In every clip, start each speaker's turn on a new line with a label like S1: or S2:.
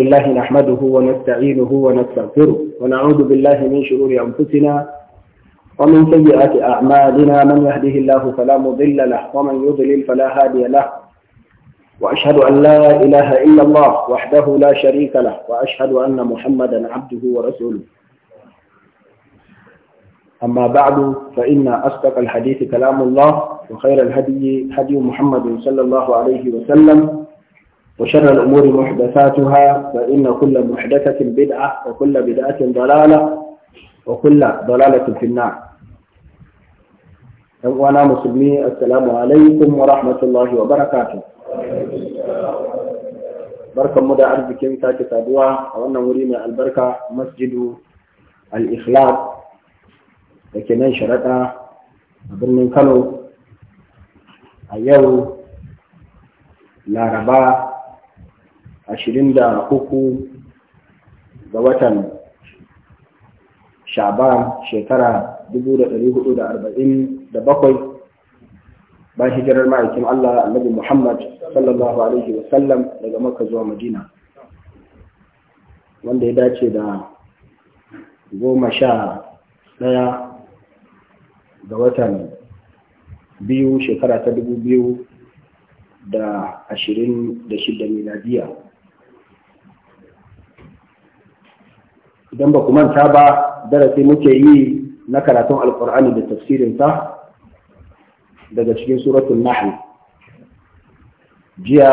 S1: الله نحمده ونستعينه ونستغفره ونعوذ بالله من شرور أنفسنا ومن سيئات أعمالنا من يهده الله فلا مضل له ومن يضلل فلا هادي له وأشهد أن لا إله إلا الله وحده لا شريك له وأشهد أن محمدا عبده ورسوله أما بعد فإن أصدق الحديث كلام الله وخير الهدي هدي محمد صلى الله عليه وسلم وشر الأمور محدثاتها فإن كل محدثة بدعة وكل بدعة ضلالة وكل ضلالة في النار وأنا مسلمي السلام عليكم ورحمة الله وبركاته بركة مدى عرض كم تاكي سادوا وأنا مريم البركة مسجد الإخلاق لكن شرطة birnin كانوا a لا laraba ashirin da ga watan shaban shekara dubu da dari hudu da arba'in da bakwai ba hijirar ma'aikin Allah annabi Muhammad sallallahu alaihi wasallam daga Makka zuwa Madina wanda ya dace da goma sha ɗaya ga watan biyu shekara ta dubu biyu da ashirin da shida miladiya idan ba ku manta ba darasi muke yi na karatun alkur'ani da tafsirinsa daga cikin suratun nahl jiya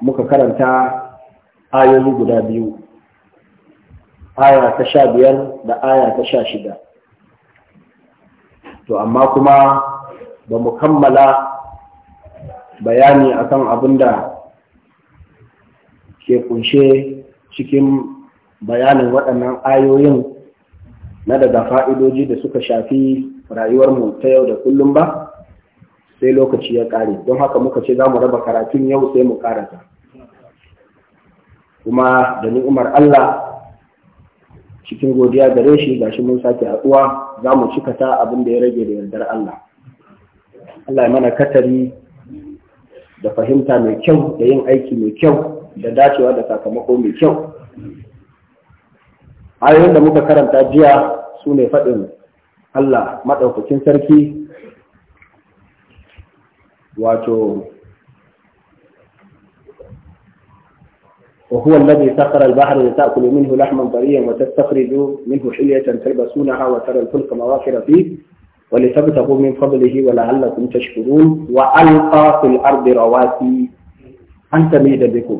S1: muka karanta ayoyi guda biyu aya ta sha biyar da aya ta sha shida to amma kuma ba mu kammala bayani akan abin da ke kunshe cikin bayanin waɗannan ayoyin na daga fa'idoji da suka shafi rayuwarmu ta yau da kullum ba sai lokaci ya ƙare don haka muka ce za mu raba karatun yau sai mu ƙarata kuma da ni'umar Allah cikin godiya gare shi gashi mun sake haɗuwa za mu cika ta abin da ya rage da yardar Allah Allah ya mana katari da fahimta mai kyau da yin aiki mai kyau da dacewa da sakamako mai kyau ayoyin da muka karanta jiya su ne faɗin Allah maɗaukakin sarki wato وهو الذي سخر البحر لتأكل منه لحما طريا وتستخرج منه حلية تلبسونها وترى الفلك مواخر فيه ولتبتغوا من فضله ولعلكم تشكرون وألقى في الأرض رواسي أن تميد بكم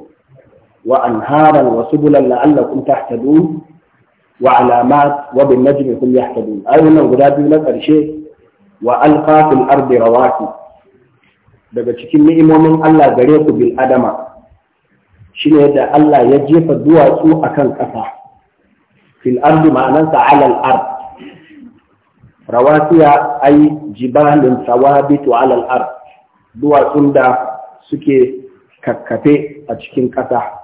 S1: وأنهارا وسبلا لعلكم تهتدون wa alamat wa bin najmi hum yahtadun ayyunan guda biyu na ƙarshe wa alqa fil ardi rawaki daga cikin ni'imomin Allah gare ku bil adama shine da Allah ya jefa duwatsu akan ƙasa fil ardi ma'anansa ala al ard rawasiya ay jibalun sawabitu ala al ard duwatsun da suke kakkafe a cikin ƙasa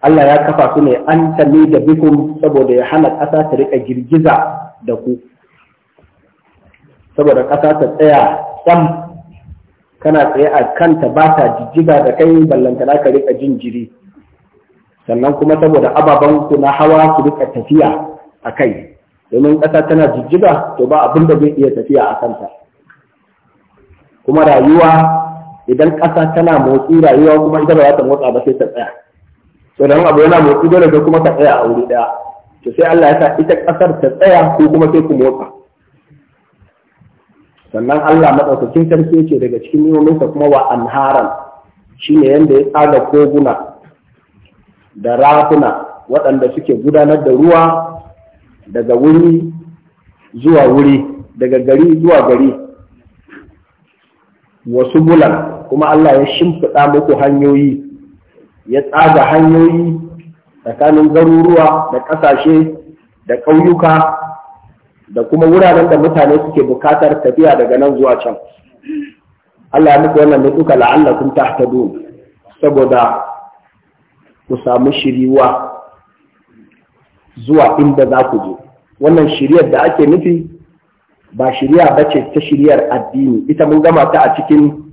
S1: Allah ya kafa su ne an tali da bikum saboda ya hana ƙasa ta riƙa girgiza da ku saboda ƙasa ta tsaya sam kana tsaye a kanta ba ta jijjiga da kai na ka riƙa jin jiri sannan kuma saboda ababen ku na hawa su riƙa tafiya a kai domin ƙasa tana jijjiga to ba abin da zai iya tafiya a kanta kuma rayuwa idan ƙasa tana motsi rayuwa kuma ita ba ta motsa ba sai ta tsaya to dan abu yana motsi dole sai kuma ka tsaya a wuri ɗaya. to sai Allah ya sa ita ƙasar ta tsaya ko kuma sai ku motsa sannan Allah madaukakin sarki yake daga cikin niyominsa kuma wa anharan shine yanda ya tsaga koguna da rafuna waɗanda suke gudanar da ruwa daga wuri zuwa wuri daga gari zuwa gari wasu bulan kuma Allah ya shimfiɗa muku hanyoyi ya tsaga hanyoyi tsakanin garuruwa da ƙasashe da ƙauyuka da kuma wuraren da mutane suke bukatar tafiya daga nan zuwa can Allah ya muku wannan nutuka ta tahtadun saboda ku samu shiriwa zuwa inda za ku je wannan shiriyar da ake nufi ba shiriya bace ta shiriyar addini ita mun gama ta a cikin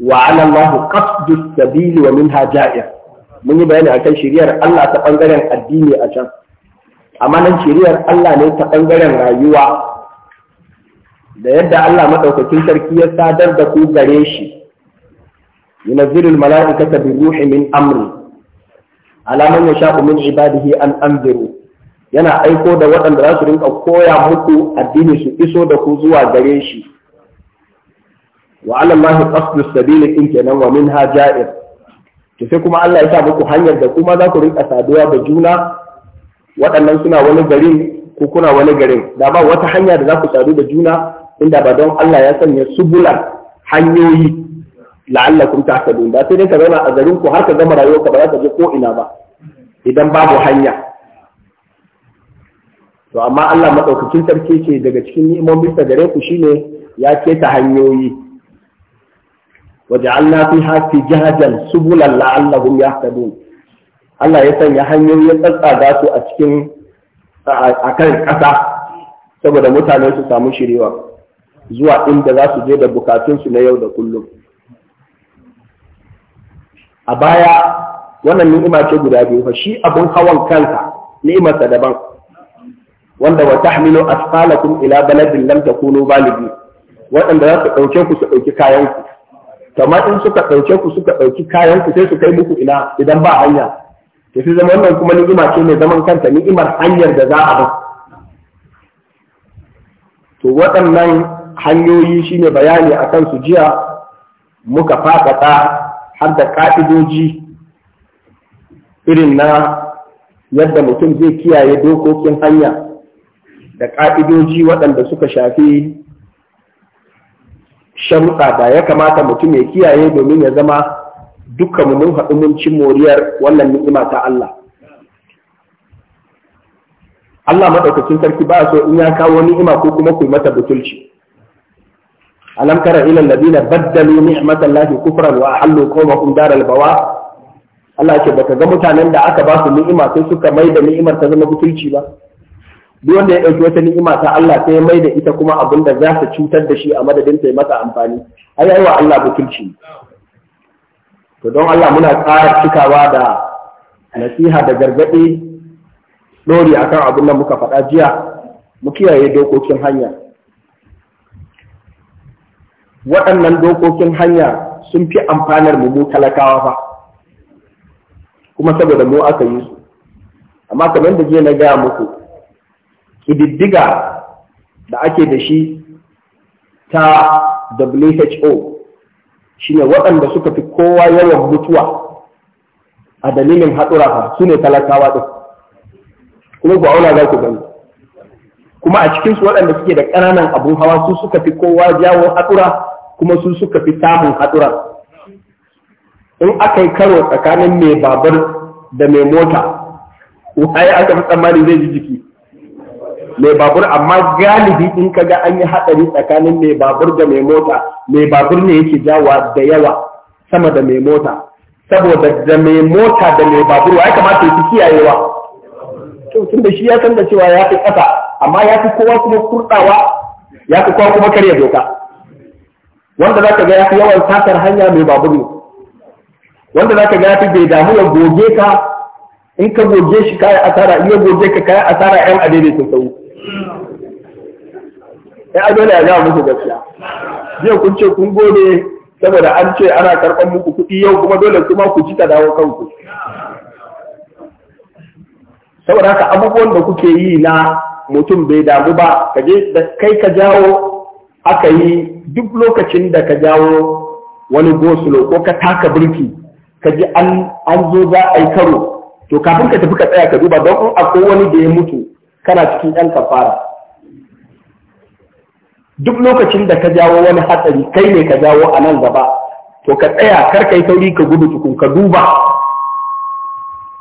S1: wa ala Allah qasdu sabili wa minha ja'ir mun yi bayani akan shiriyar Allah ta bangaren addini a can amma nan shiriyar Allah ne ta bangaren rayuwa da yadda Allah madaukakin sarki ya sadar da ku gare shi yunazzilu almala'ikata bi ruhi min amri ala man yasha'u min ibadihi an anziru yana aiko da waɗanda za su rinka koya muku addini su iso da ku zuwa gare shi wa ala Allahi qasdu sabili in kenan wa minha ja'ir to sai kuma Allah ya sa muku hanyar da kuma za ku rinka saduwa da juna waɗannan suna wani garin ko kuna wani garin da ba wata hanya da za ku sadu da juna inda ba don Allah ya sanya subulan hanyoyi la'allakum tahtadun da sai dai ka zauna a garin ku har ka gama ka ba za ka je ko ina ba idan babu hanya to amma Allah madaukakin sarki ce daga cikin ni'imomin sa gare ku shine ya keta hanyoyi waja'alna fiha fijajan subulan la'allahum yahtadun Allah ya sanya hanyoyin tsatsaga su a cikin a kan ƙasa saboda mutane su samu shirewa zuwa inda za su je da bukatunsu na yau da kullum a baya wannan ni'ima ce guda biyu fa shi abun hawan kanka ni'imarsa daban wanda wa tahmilu asqalakum ila baladin lam takunu baligi waɗanda za su ɗauke ku su ɗauki kayan ku kamar in suka ɗauke ku suka ɗauki kayan ku sai su kai muku ina idan ba hanya ke sai zama wannan kuma ni'ima ce mai zaman kanta ni'imar hanyar da za a ba to waɗannan hanyoyi shine bayani a su jiya muka faɗaɗa har da ƙa'idoji irin na yadda mutum zai kiyaye dokokin hanya da ƙa'idoji waɗanda suka shafi sharuɗa da ya kamata mutum ya kiyaye domin ya zama dukkan mu mun haɗu mun cin moriyar wannan ni'ima ta Allah Allah maɗaukacin sarki ba so in ya kawo ni'ima ko kuma ku mata butulci alam tara ila alladhina baddalu ni'matallahi kufran wa ahallu qawmahum daral bawa Allah ce baka ga mutanen da aka ba su ni'ima sai suka mai da ni'imar ta zama butulci ba duk wanda ya ɗauki wata ni'ima ta Allah sai ya mai da ita kuma abin da za ta cutar da shi a madadin ta masa amfani ai yayi wa Allah bukilci to don Allah muna ƙara cikawa da nasiha da gargaɗi ɗori akan abin da muka faɗa jiya mu kiyaye dokokin hanya waɗannan dokokin hanya sun fi amfanar mu mu talakawa fa kuma saboda mu aka yi su amma kamar da jiya na gaya muku ƙididdiga da ake da shi ta WHO shine waɗanda suka fi kowa yawan mutuwa a dalilin haɗura su ne talakawa ɗin kuma ba auna za ku gani kuma a cikinsu waɗanda suke da ƙananan abun hawa su suka fi kowa jawo haɗura kuma su suka fi samun haɗura in aka yi karo tsakanin mai babar da mai mota ya aka fi tsammani zai ji jiki mai babur amma galibi in ka ga an yi haɗari tsakanin mai babur da mai mota mai babur ne yake jawa da yawa sama da mai mota saboda da mai mota da mai babur ya kamata ya fi kiyayewa to tun da shi ya san da cewa ya fi ƙasa amma ya fi kowa kuma kurɗawa ya fi kowa kuma karya doka wanda za ka ga ya fi yawan satar hanya mai babur ne wanda za ka ga ya fi bai damu ya goge ka in ka goge shi kayan asara in ya goge ka kayan asara yan adaidaitun sau ai dole ya ga muku gaskiya jiya kun ce kun gode saboda an ce ana karɓar muku kuɗi yau kuma dole kuma ku ji ta dawo kanku saboda haka abubuwan da kuke yi na mutum bai damu ba kaje da kai ka jawo aka yi duk lokacin da ka jawo wani gosulo ko ka taka birki ka ji an zo za a yi karo to kafin ka tafi ka tsaya ka duba don in akwai wani da ya mutu kana cikin yan kafara duk lokacin da ka jawo wani hatsari kai ne ka jawo a nan gaba to ka tsaya kar ka yi sauri ka gudu tukun ka duba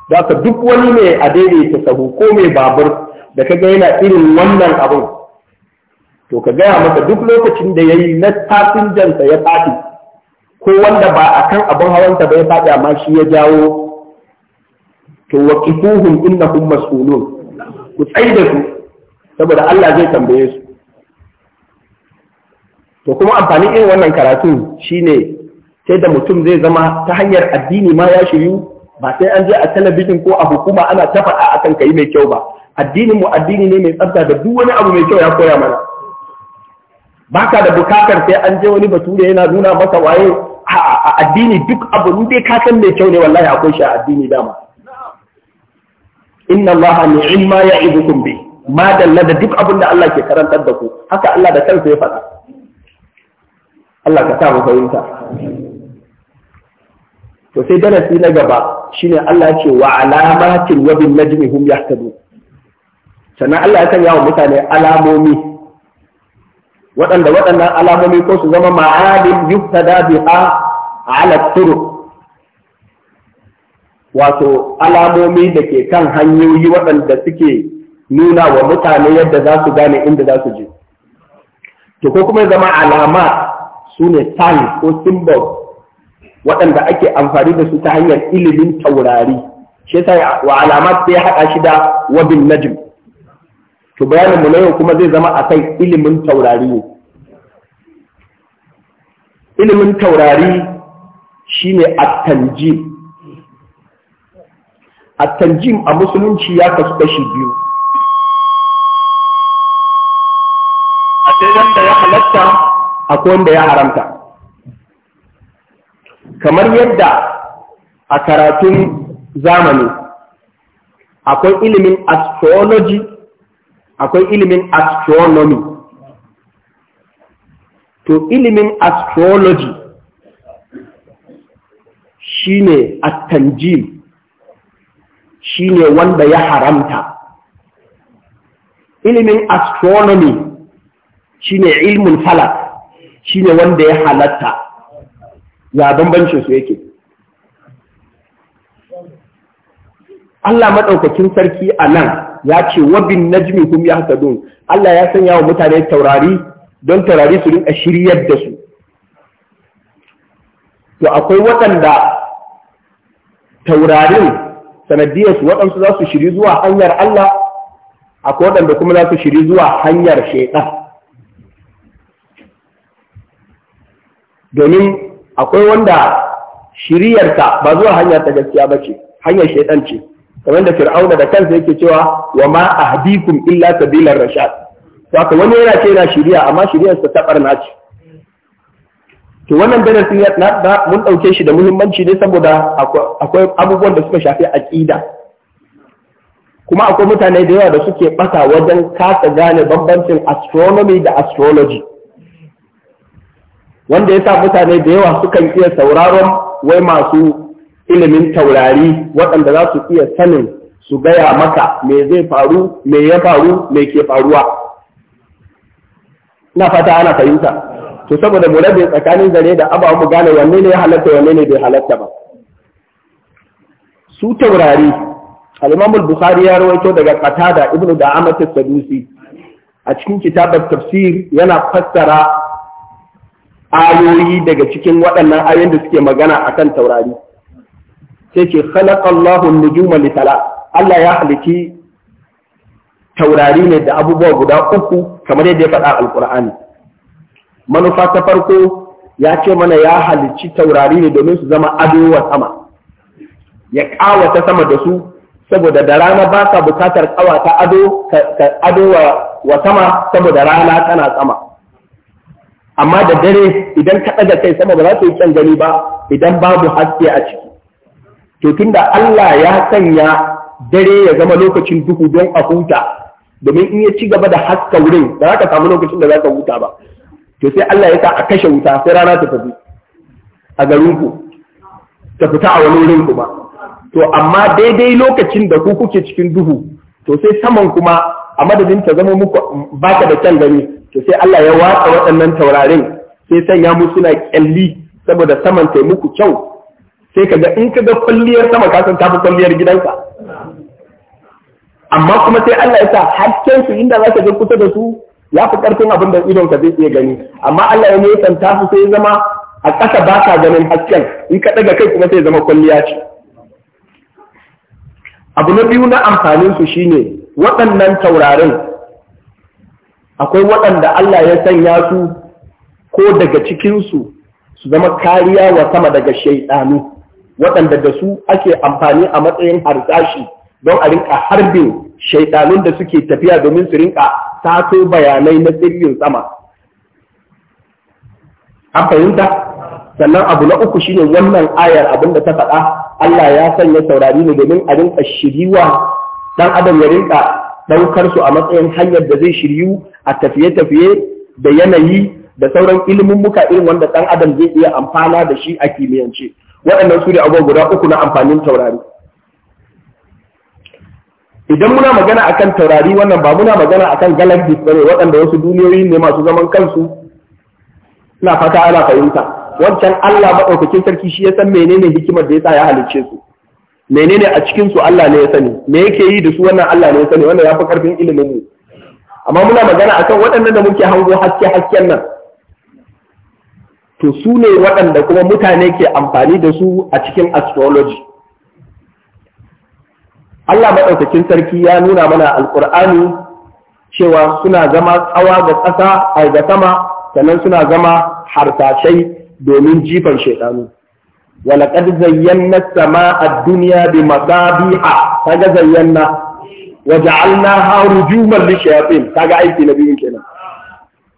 S1: ka duk wani mai a daidaita sahu ko mai babur da ka ga yana irin wannan abin to ka gaya masa duk lokacin da ya yi na jansa ya tafi ko wanda ba a kan abin hawanta ba ya faɗi amma shi ya jawo to inna innahum mas'ulun ku tsaye da su saboda Allah zai tambaye su to kuma amfanin irin wannan karatu shine sai da mutum zai zama ta hanyar addini ma ya shiryu ba sai an je a talabijin ko a hukuma ana ta faɗa akan kai mai kyau ba addinin mu addini ne mai tsafta da duk wani abu mai kyau ya koya mana Ba ka da bukatar sai an je wani bature yana nuna masa waye a addini duk abu in dai ka san mai kyau ne wallahi akwai shi a addini dama inna ma ya ya'idukum bi ma dalla da duk abin da Allah ke karantar da ku haka Allah da kansa ya faɗa Allah ka sa mu fahimta to sai darasi na gaba shi ne Allah ya ce wa alamatin wabin na jini hum ya sannan Allah ya kan wa mutane alamomi waɗanda waɗannan alamomi ko su zama ma'adin da biha a turuq wato alamomi da ke kan hanyoyi waɗanda suke nuna wa mutane yadda za su gane inda za su je to ko kuma zama alama su ne sign ko symbol waɗanda ake amfani da su ta hanyar ilimin taurari shi yasa wa alamat sai haɗa shi da wabin najm to bayanin mu na yau kuma zai zama akan ilimin taurari ne ilimin taurari shine at-tanjim at-tanjim a musulunci ya kasu kashi biyu
S2: akwai da ya halatta
S1: akwai wanda ya haramta kamar yadda a karatun zamani akwai ilimin astrology akwai ilimin astronomy to ilimin astrology shine attanjim shine wanda ya haramta ilimin astronomy shine ilmin falak Shi ne wanda ya halatta ya bambancin su yake Allah maɗaukacin sarki a nan ya ce wabin najmi ya don Allah ya sanya wa mutane taurari don taurari su rinka shiryar da su to akwai waɗanda taurarin sanadiyarsu waɗansu za su shiri zuwa hanyar Allah akwai waɗanda kuma za su shiri zuwa hanyar shaiɗan domin akwai wanda shiriyarta ba zuwa hanya ta gaskiya ba ce hanyar shaidan ce kamar da fir'auna da kansa yake cewa wa ma ahdikum illa sabilar rashad to wani yana ce yana shiriya amma shiriyarsa ta barna ce to wannan darasin ya na mun ɗauke shi da muhimmanci ne saboda akwai abubuwan da suka shafi aqida kuma akwai mutane da yawa da suke ɓata wajen kasa gane bambancin astronomy da astrology wanda ya sa mutane da yawa sukan iya sauraron wai masu ilimin taurari waɗanda za su iya sanin su gaya maka me zai faru me ya faru me ke faruwa na fata ana fahimta to saboda mu rabe tsakanin zare da abawa mu gane wanne ne ya halatta wanne ne bai halatta ba su taurari al-Imam bukhari ya rawaito daga Qatada ibnu Da'amat as-Sadusi a cikin kitabar tafsir yana fassara ayoyi daga cikin waɗannan ayoyin da suke magana akan taurari sai ce khalaqallahu Allah ya halici taurari ne da abubuwa guda uku kamar yadda ya faɗa alkur'ani manufa ta farko ya ce mana ya halicci taurari ne domin su zama adowa sama ya ƙawata sama da su saboda da rana ba ka buƙatar ƙawata ado wa sama saboda rana tana sama amma da dare idan ka ɗaga kai sama ba za ka yi kyan gani ba idan babu haske a ciki to tunda Allah ya sanya dare ya zama lokacin duhu don a huta domin in ya ci gaba da haska wurin ba za ka samu lokacin da za ka huta ba to sai Allah ya sa a kashe wuta sai rana ta tafi a garin ku ta fita a wani wurin kuma to amma daidai lokacin da ku kuke cikin duhu to sai saman kuma a madadin ta zama muku baka da kyan gani to sai Allah ya watsa waɗannan taurarin sai sanya mu suna kyalli saboda saman taimaku kyau sai ka kaga in ka ga kwalliyar sama ka san tafi kwalliyar gidansa. amma kuma sai Allah ya sa hakken su inda za ka je kusa da su ya fi karfin abin da idon ka zai iya gani amma Allah ya nesa su sai zama a ƙasa ba ka ganin hasken in ka ɗaga kai kuma sai zama kwalliya ce abu na biyu na amfanin su shine waɗannan taurarin akwai waɗanda Allah ya sanya su ko daga cikinsu su zama kariya wa sama daga shaiɗanu, waɗanda da su ake amfani a matsayin harsashi don a rinka harbin shaiɗanun da suke tafiya domin su rinka sato bayanai na sirrin sama an fahimta sannan abu na uku shine wannan ayar abin da ta faɗa Allah ya sanya saurari ne domin a rinka shiriwa dan adam ya rinka ɗaukar su a matsayin hanyar da zai shiryu a tafiye-tafiye da yanayi da sauran ilimin muka irin wanda ɗan adam zai iya amfana da shi a kimiyyance waɗannan su ne abubuwa guda uku na amfanin taurari idan muna magana akan taurari wannan ba muna magana akan ba ne waɗanda wasu duniyoyi ne masu zaman kansu na fata ana fahimta wancan Allah maɗaukakin sarki shi ya san menene hikimar da ya sa ya halicce su menene a cikin su Allah ne ya sani me yake yi da su wannan Allah ne ya sani wannan yafi karfin ilimin mu amma muna magana akan waɗannan da muke hango haske hasken nan to su ne waɗanda kuma mutane ke amfani da su a cikin astrology Allah maɗaukakin sarki ya nuna mana alƙur'ani cewa suna zama tsawa ga ƙasa a ga sama sannan suna zama harsashai domin jifan shaidanu ولقد زينا السماء الدنيا بمصابيح كذا زينا وجعلناها رجوما للشياطين كذا اي نبي كده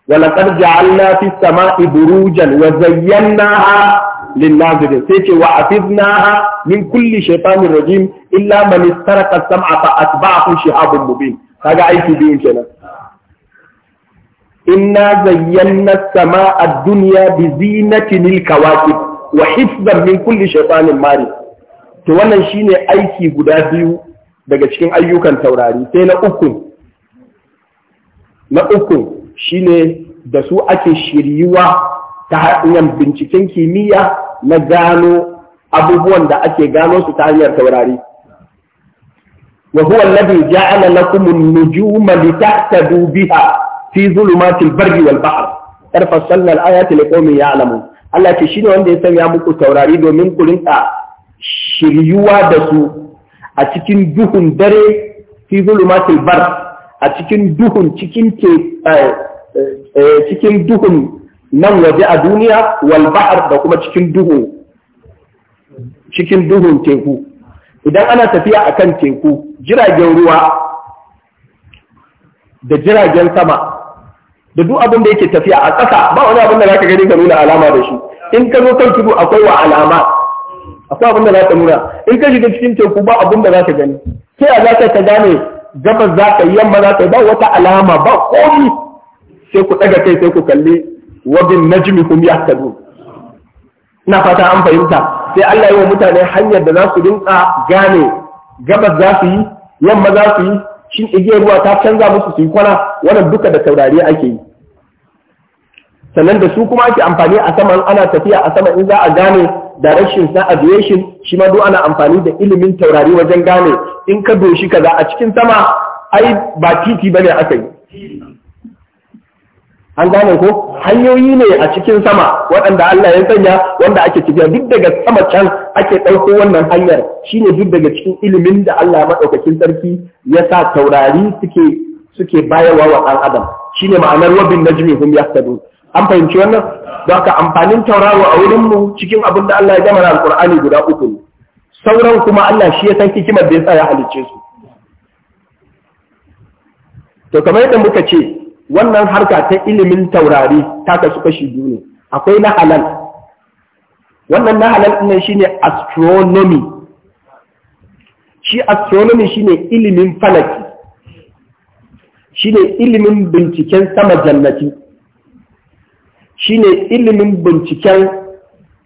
S1: ولقد جعلنا في السماء بروجا وزيناها للناظرين سيكي وعفذناها من كل شيطان رجيم إلا من استرق السمع فأتبعه شهاب مبين هذا عيش بيهم كنا إنا زينا السماء الدنيا بزينة الكواكب wa hifzan min kulli shaytanin mari to wannan shine aiki guda biyu daga cikin ayyukan taurari sai na uku na uku shine da su ake shiryuwa ta hanyar binciken kimiyya na gano abubuwan da ake gano su ta hanyar taurari wa huwa alladhi ja'ala lakum an-nujuma litahtadu biha fi dhulumatil barri wal bahr tarfa sallan Allah ce shi ne wanda ya sanya muku taurari domin ku rinka shiryuwa da su a cikin duhun dare fi bar a cikin duhun cikin ke eh, eh, cikin duhun nan waje a duniya wal bahar da kuma cikin duhu cikin duhun teku idan ana tafiya akan teku jiragen ruwa da jiragen sama da duk abin da yake tafiya a ƙasa ba wani abin da zaka gani ka nuna alama da shi in ka zo kan tudu akwai wa alama akwai abin da zaka nuna in ka shiga cikin teku ba abin da zaka gani sai a zaka ka gane gabas zaka yi yamma zaka ba wata alama ba komi sai ku daga kai sai ku kalli wa bin najmi hum yahtadun ina fata an fahimta sai Allah ya yi wa mutane hanyar da za su rinka gane gabas za su yi yamma za su yi shin igiyar ruwa ta canza musu su yi kwana wannan duka da taurari ake yi sannan da su kuma ake amfani a saman ana tafiya a sama in za a gane directions na aviation shi ma ana amfani da ilimin taurari wajen gane in ka doshi kaza a cikin sama ai ba titi bane aka yi an gane ko hanyoyi ne a cikin sama waɗanda Allah ya sanya wanda ake tafiya duk daga sama can ake ɗauko wannan hanyar shine duk daga cikin ilimin da Allah maɗaukakin sarki ya sa taurari suke suke bayarwa wa ɗan adam shine ma'anar wabin najmi hum yahtadun an fahimci wannan don haka amfanin tauraro a wurin mu cikin abin da Allah ya gama alqur'ani guda uku ne sauran kuma Allah shi ya san hikimar da ya sa ya halicce su to kamar yadda muka ce wannan harka ta ilimin taurari ta kasu kashi biyu akwai na halal wannan na halal ɗin shine astronomy shi astronomy ne ilimin falaki ne ilimin binciken sama jannati shi ne ilimin binciken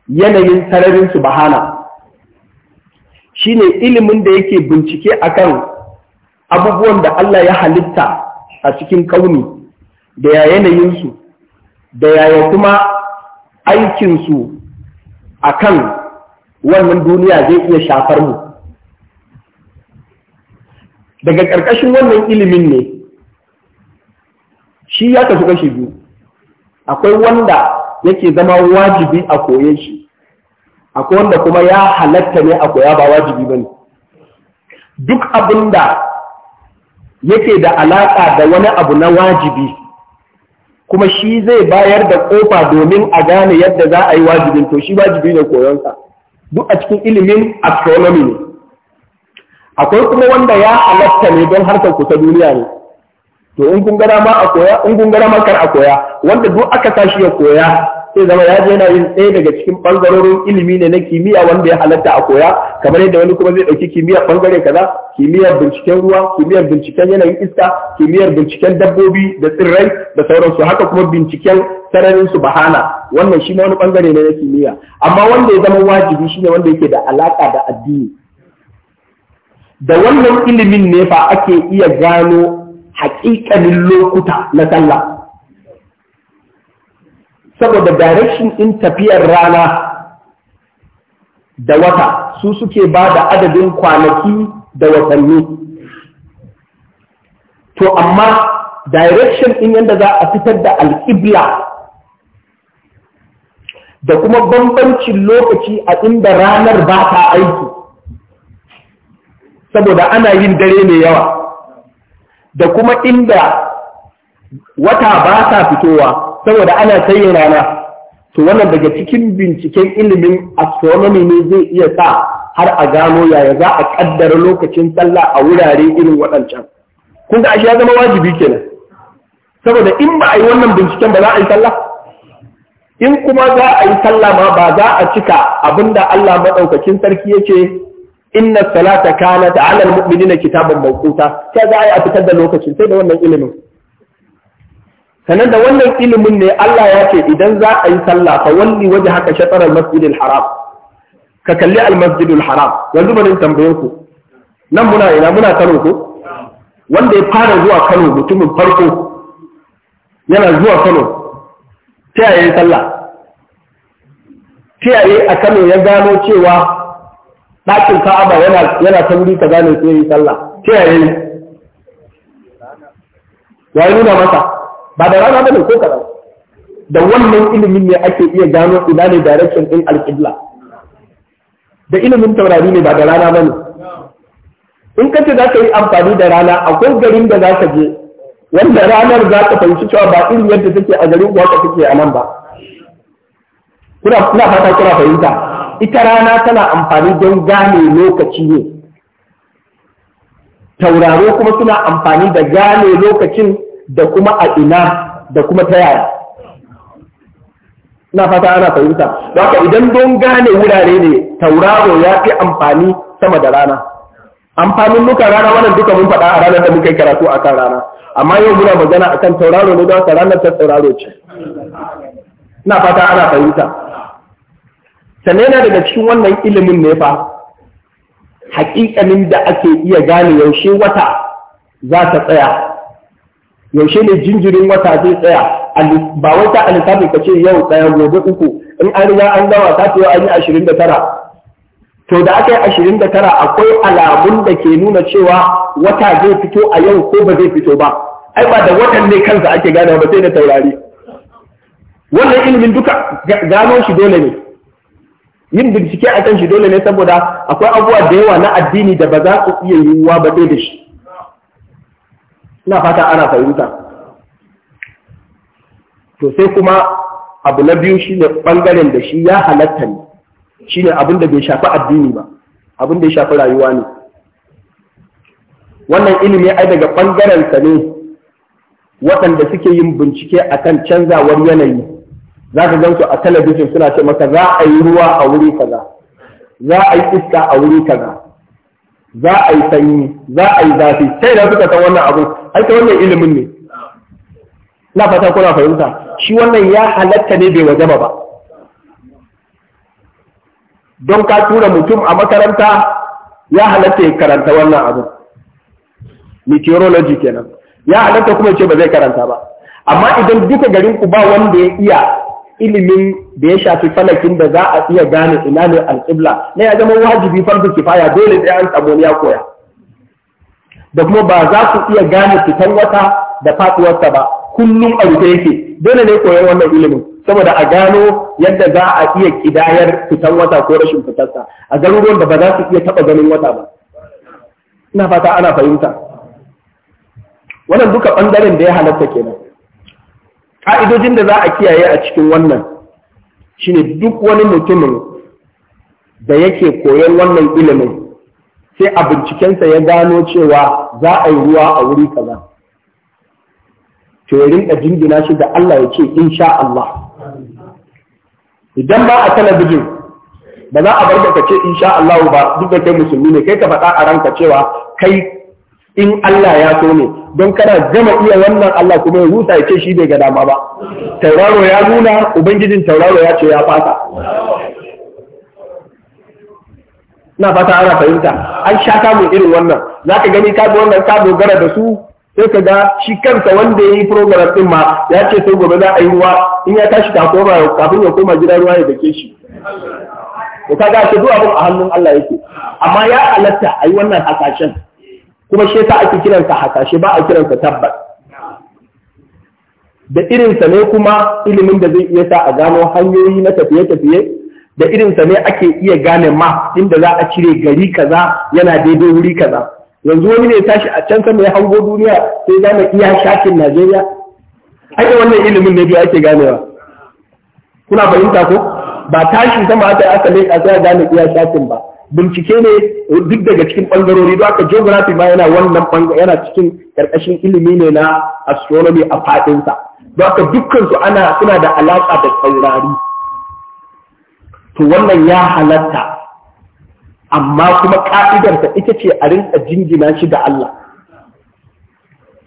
S1: yanayin sararin su shi ne ilimin da yake bincike akan abubuwan da Allah ya halitta a cikin kauni da ya yanayinsu da yaya kuma su a kan wannan duniya zai iya shafar mu daga ƙarƙashin wannan ilimin ne shi ya kasu kashi biyu akwai wanda yake zama wajibi a koye shi akwai wanda kuma ya halatta ne a koya ba wajibi ba ne duk abin da yake da alaƙa da wani abu na wajibi kuma shi zai bayar da kofa domin a gane yadda za a yi wajibin to shi wajibi ne koyonsa duk a cikin ilimin astronomy ne akwai kuma wanda ya halatta ne don harkar kusa duniya ne to in kun gara ma a koya in kun gara ma kar a koya wanda duk aka tashi ya koya sai zama ya je yana yin ɗaya daga cikin bangarorin ilimi ne na kimiyya wanda ya halatta a koya kamar yadda wani kuma zai ɗauki kimiyyar ɓangare kaza kimiyyar binciken ruwa kimiyyar binciken yanayin iska kimiyyar binciken dabbobi da tsirrai da sauransu haka kuma binciken sararin su bahana wannan shi ma wani ɓangare ne na kimiyya amma wanda ya zama wajibi shi shine wanda yake da alaƙa da addini da wannan ilimin ne fa ake iya gano haƙiƙanin lokuta na sallah saboda direction in tafiyar rana da wata su suke ba da adadin kwanaki da watanni to amma direction in yadda za a fitar da alƙibla da kuma bambancin lokaci a inda ranar ba ta aiki saboda ana yin dare mai yawa da kuma inda wata ba ta fitowa saboda ana sanya rana to wannan daga cikin binciken ilimin astronomy ne zai iya sa har a gano yaya za a kaddara lokacin sallah a wurare irin waɗancan kun ga ashe ya zama wajibi kenan saboda in ba a yi wannan binciken ba za a yi sallah in kuma za a yi sallah ma ba za a cika abinda Allah madaukakin sarki yace inna salata kanat ala na kitaban mawquta sai za a yi a fitar da lokacin sai da wannan ilimin sanan da wannan ilimin ne Allah ya ce idan za a yi sallah fa walli waje haka shatar al-masjidil haram ka kalli al-masjidil haram yanzu bari tambaye ku nan muna ina muna Kano ko wanda ya fara zuwa Kano mutumin farko yana zuwa Kano ta yaya sallah ta yaya a Kano ya gano cewa ɗakin Ka'aba yana yana sauri ka gane sai yi sallah ta yaya ya nuna masa ba da rana ba ne ko kaza da wannan ilimin ne ake iya gano ina ne direction din alƙibla da ilimin taurari ne ba da rana ba ne. in ka ce za ka yi amfani da rana akwai garin da za ka je wanda ranar za ka fahimci cewa ba irin yadda take a garin uwa ka take a nan ba kuna kuna fata kuna fahimta ita rana tana amfani don gane lokaci ne tauraro kuma suna amfani da gane lokacin da kuma a ina da kuma ta yaya na fata ana fahimta haka idan don gane wurare ne tauraro ya fi amfani sama da rana amfanin muka rana wannan duka mun faɗa a ranar da muka yi karatu akan rana amma yau muna magana akan tauraro ne don ranar ta tauraro ce na fata ana fahimta sannan yana daga cikin wannan ilimin ne fa hakikanin da ake iya gane yaushe wata za ta tsaya yaushe ne jinjirin wata zai tsaya ba wata ta alisafi ka ce yau tsaya gobe uku in an riga an gawa ta ce an yi ashirin da tara to da aka yi ashirin da tara akwai alamun da ke nuna cewa wata zai fito a yau ko ba zai fito ba ai ba da watan ne kansa ake gane ba sai da taurari wannan ilimin duka gano shi dole ne yin bincike a kan shi dole ne saboda akwai abubuwa da yawa na addini da ba za su iya yiwuwa ba sai da shi ina fata ana fahimta to sai kuma abu na biyu shine ɓangaren da shi ya halatta ne shine abin da bai shafi addini ba abin da ya shafi rayuwa ne wannan ilimi ai daga ɓangaren sa ne waɗanda suke yin bincike akan canzawar yanayi za ka gansu a talabijin suna ce maka za a yi ruwa a wuri kaza za a yi iska a wuri kaza za a yi sanyi za a yi zafi sai da suka san wannan abu ai ta wannan ilimin ne na fata kuna fahimta shi wannan ya halatta ne bai wajaba ba don ka tura mutum a makaranta ya halatta ya karanta wannan abu meteorology kenan ya halatta kuma ce ba zai karanta ba amma idan duka garin ku ba wanda ya iya ilimin da ya shafi falakin da za a iya gane ina ne alƙibla na ya zama wajibi farko kifaya dole sai an samu ya koya da kuma ba za ku iya gane fitan wata da fatuwarsa ba kullum a rufe yake dole ne koyar wannan ilimin saboda a gano yadda za a iya kidayar fitan wata ko rashin fitarsa a garuruwan da ba za su iya taɓa ganin wata ba ina fata ana fahimta wannan duka ɓangaren da ya halatta kenan ƙa'idojin da za a kiyaye a cikin wannan shi ne duk wani mutumin da yake koyon wannan ilimin sai a bincikensa ya gano cewa za a yi ruwa a wuri kaza to ya jingina shi da Allah ya ce insha Allah idan ba a talabijin ba za a bar ka ce insha Allah ba duk da kai musulmi ne kai ka faɗa a ranka cewa kai in Allah ya so ne don kana gama iya wannan Allah kuma ya rusa ya ce shi bai ga dama ba tauraro ya nuna ubangijin tauraro ya ce ya fasa na fata ana fahimta an sha samun irin wannan zaka gani ka wannan ka dogara da su sai ka ga shi kansa wanda ya yi program din ma ya ce sai gobe za a yi ruwa in ya tashi ta koma kafin ya koma gidan ruwa ya dake shi ka ga shi duk abin a hannun Allah yake amma ya halatta a yi wannan hasashen kuma shi yasa ake kiransa hasashe ba a kiransa tabbas da irinsa ne kuma ilimin da zai iya sa a gano hanyoyi na tafiye-tafiye da irinsa ne ake iya gane ma inda za a cire gari kaza yana daidai wuri kaza yanzu wani ne tashi a can sama ya hango duniya sai zama iya shakin Najeriya ake wannan ilimin ne biyu ake ganewa kuna fahimta ko ba tashi sama aka aka ne sai a gane iya shakin ba bincike ne duk daga cikin bangarori don haka geography ma yana wannan yana cikin ƙarƙashin ilimi ne na astronomy a faɗinsa. don haka dukkan su ana suna da alaƙa da saurari to wannan ya halatta amma kuma ka'idarta ita ce a rinka jingina shi da Allah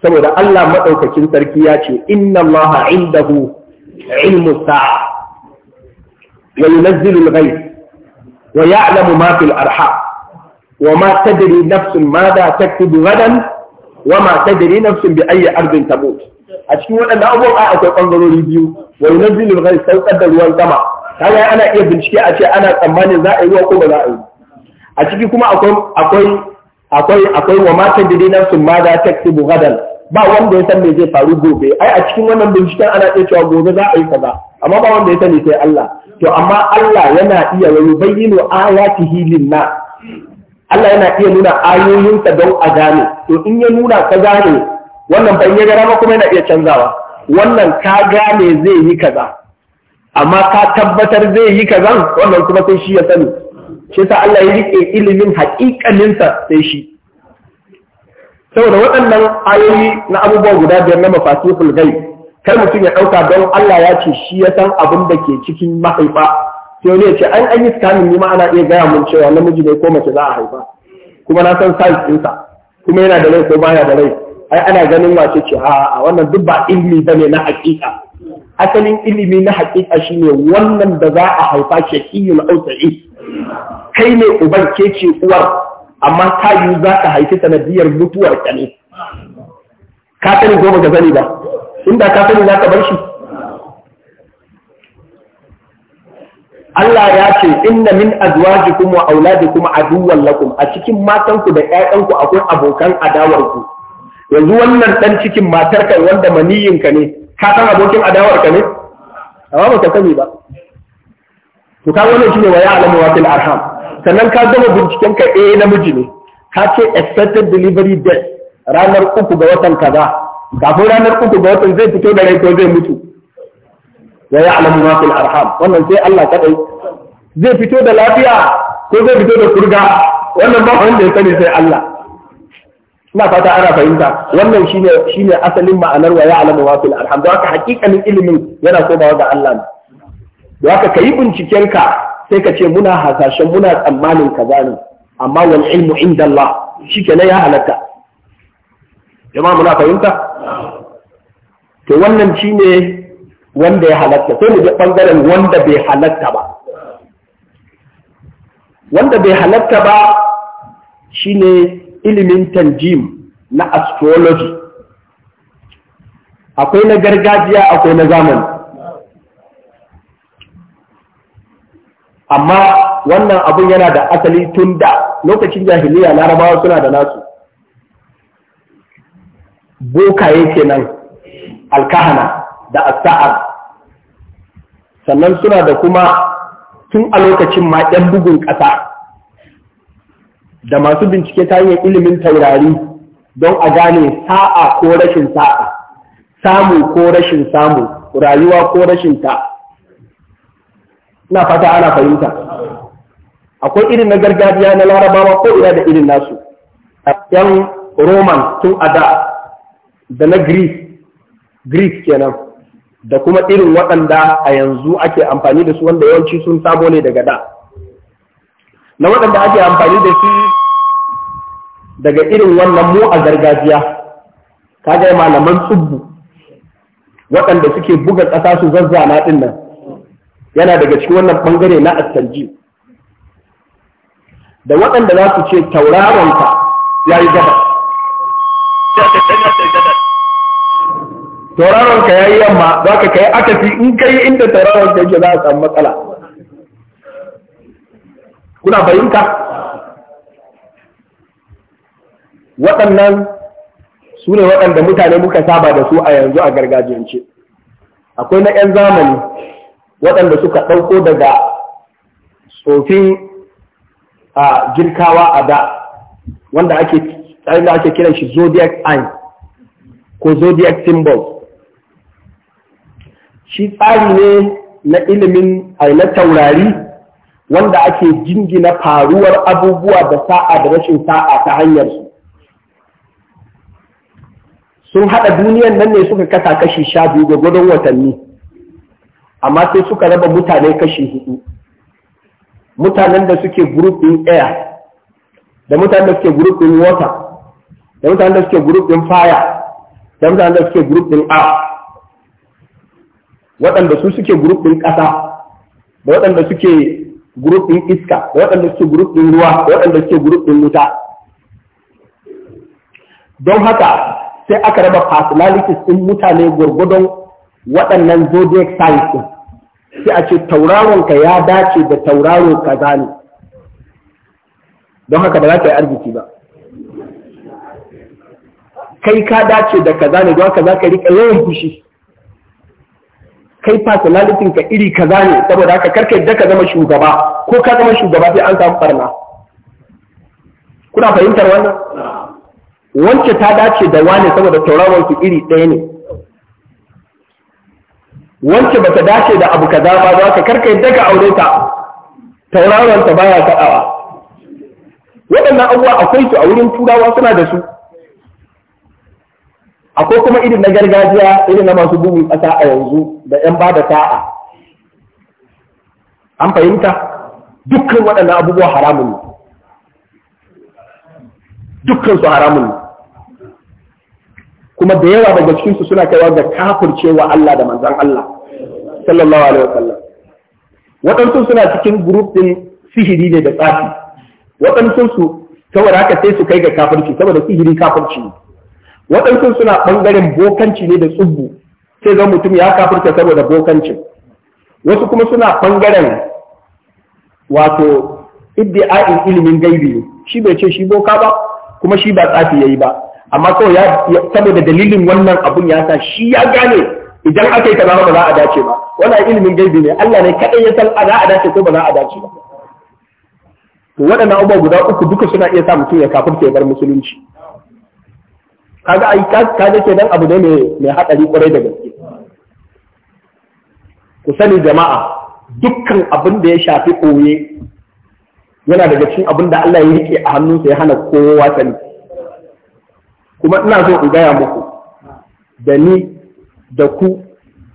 S1: saboda Allah maɗaukacin sarki ya ce inna Allah indahu ilmu sa'a wa yunazzilu al rai. wa ya'lamu ma fil arham wa ma tadri nafsun madha taktubu gadan wa ma tadri nafsun bi ayyi ardin tamut a cikin waɗannan abubuwan akwai ɓangarori biyu wa yunzilu al-ghayth saukar da ruwan sama kaga ana iya bincike a ce ana tsammanin za a yi ruwa ko ba za a yi a ciki kuma akwai wa ma ba wanda ya san me zai faru gobe ai a cikin wannan binciken ana iya cewa gobe za a yi kaza amma ba wanda ya sani sai Allah to amma Allah yana iya bayyano ayatihi hilin na. Allah yana iya nuna ayoyinsa don a gane to in ya nuna ka gane wannan ban ya gara kuma yana iya canzawa wannan ka gane zai yi kaza amma ka tabbatar zai yi kazan wannan kuma sai shi ya sani shi sa Allah ya rike ilimin haƙiƙaninsa sai shi saboda waɗannan ayoyi na abubuwa guda biyar na mafasihul ghaib kar mutum ya ɗauka don Allah ya ce shi ya san abin da ke cikin mahaifa sai wani ya ce an an yi scanning ni ma ana iya gaya mun cewa namiji ne ko mace za a haifa kuma na san size ɗinsa kuma yana da rai ko baya da rai ai ana ganin wace ce a wannan duk ba ilimi bane na haƙiƙa. asalin ilimi na haƙiƙa shine wannan da za a haifa ke aw sa'id kai ne uban ke ce uwar amma ta yi za ka haifi sanadiyar mutuwar ka ne ka sani goma ga sani ba inda ka sani za ka bar shi Allah ya ce inna min azwajikum wa auladikum aduwwan lakum a cikin matanku da ƴaƴanku akwai abokan adawarku yanzu wannan dan cikin matarka wanda maniyinka ne ka san abokin adawarka ne amma ba ka sani ba to ka wannan shine wa ya'lamu wa fil arham sannan ka gama binciken ka eh namiji ne ka ce expected delivery date ranar uku ga watan kaza kafin ranar uku ga watan zai fito da rai ko zai mutu ya ya'lamu ma fil arham wannan sai Allah kadai zai fito da lafiya ko zai fito da kurga wannan ba wanda ya sani sai Allah ina fata ana fahimta wannan shine shine asalin ma'anar wa ya'lamu ma fil arham don haka hakikanin ilimin yana komawa ga Allah ne don haka kayi bincikenka sai ka ce muna hasashen muna tsammanin kaza ne amma wal ilmu inda Allah shikenan ya halatta jama'a muna fahimta to wannan shine wanda ya halatta sai mu je bangaren wanda bai halatta ba wanda bai halatta ba shine ilimin tanjim na astrology akwai na gargajiya akwai na zamani amma wannan abun yana da asali tun da lokacin jahiliya larabawa suna da nasu bokaye kenan alkahana da asa'ar sannan suna da kuma tun a lokacin ma ɗan bugun ƙasa da masu bincike ta hanyar ilimin taurari don a gane sa'a ko rashin sa'a samu ko rashin samu rayuwa ko rashin ta na fata ana fahimta akwai irin na gargajiya na larabawa ko ina da irin nasu yan roman tun a da da na greek greek kenan da kuma irin waɗanda a yanzu ake amfani da su wanda yawanci sun samo ne daga da na waɗanda ake amfani da su daga irin wannan mu a gargajiya ka kaga malaman tsubbu waɗanda suke buga ƙasa su zazzana ɗin nan yana daga cikin wannan ɓangare na attanji da waɗanda za su ce tauraronka ya yi gaba
S2: tauraron ka yayi yamma za ka kai fi
S1: in kai inda tauraron ka yake za a samu matsala kuna fahimta waɗannan su ne waɗanda mutane muka saba da su a yanzu a gargajiyance akwai na 'yan zamani waɗanda suka ɗauko daga tsofin a girkawa a da wanda ake ake kiran shi zodiac sign ko zodiac symbols shi tsari ne na ilimin na taurari wanda ake jingina faruwar abubuwa da sa'a da rashin sa'a ta hanyar su sun haɗa duniyan nan ne suka kasa kashi sha biyu ga gudun watanni amma sai suka raba mutane kashi hudu mutanen da suke gurufin air da mutanen da suke gurufin water da mutanen da suke gurufin fire da mutanen da suke gurufin air waɗanda su suke gurubin ɗin ƙasa da waɗanda suke gurubin ɗin iska da waɗanda suke gurubin ɗin ruwa da waɗanda suke gurubin ɗin wuta don haka sai aka raba personalities ɗin mutane gwargwadon waɗannan zodiac signs ɗin sai a ce tauraron ka ya dace da tauraro kaza ne don haka ba za ka yi arziki ba kai ka dace da kaza ne don haka za ka riƙa yawan fushi kai personalitin ka iri kaza ne saboda haka karka yadda ka zama shugaba ko ka zama shugaba sai an samu barna kuna fahimtar wannan Wance ta dace da wane saboda tauraron su iri ɗaya ne Wance ba ta dace da abu kaza ba za ka karka yadda ka aure ta tauraron ta baya kaɗawa waɗannan abubuwa akwai su a wurin turawa suna da su akwai kuma irin na gargajiya irin na masu bugun ƙasa a yanzu da ‘yan ba da ta'a an fahimta dukkan waɗannan abubuwa haramun ne dukkan su haramun ne kuma da yawa daga cikinsu suna kaiwa ga kafircewa Allah da manzan Allah sallallahu alaihi wasallam waɗansu suna cikin group din sihiri ne da tsafi waɗansu su saboda haka sai su kai ga kafirci saboda sihiri kafirci ne waɗansu suna ɓangaren bokanci ne da tsubbu sai zan mutum ya kafirta saboda bokancin wasu kuma suna ɓangaren wato iddi'a'in ilimin gaibi ne shi bai ce shi boka ba kuma shi ba tsafi yayi ba amma kawai ya saboda dalilin wannan abun ya sa shi ya gane idan aka yi kaza ba za a dace ba wannan ilimin gaibi ne Allah ne kaɗai ya san a za a dace ko ba za a dace ba to waɗannan abubuwa guda uku duka suna iya sa mutum ya kafirta ya bar musulunci kaga ai kaga kenan abu ne mai haɗari kwarai da gaske ku sani jama'a dukkan abin da ya shafi koye yana daga cikin abin da Allah ya rike a hannunsa ya hana kowa sani kuma ina so in gaya muku da ni da ku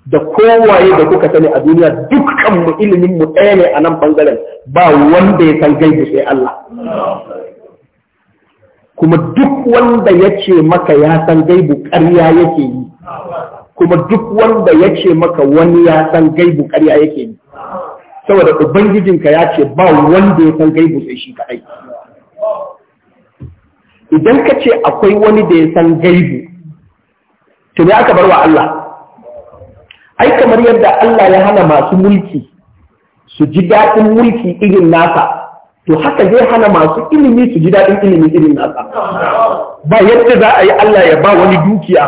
S1: da kowaye da kuka sani a duniya dukkan mu ilimin mu ɗaya ne a nan bangaren ba wanda ya san gaibi sai Allah kuma duk wanda ya ce maka ya san gaibu ƙarya yake yi kuma duk wanda ya ce maka wani ya san gaibu ƙarya yake yi saboda ubangijinka ya ce ba wanda ya san gaibu sai shi kaɗai idan ka ce akwai wani da ya san gaibu to me aka bar wa Allah ai kamar yadda Allah ya hana masu mulki su ji daɗin mulki irin nasa to haka zai hana masu ilimi su ji daɗin ilimin irin nasa ba yadda za a yi Allah ya ba wani dukiya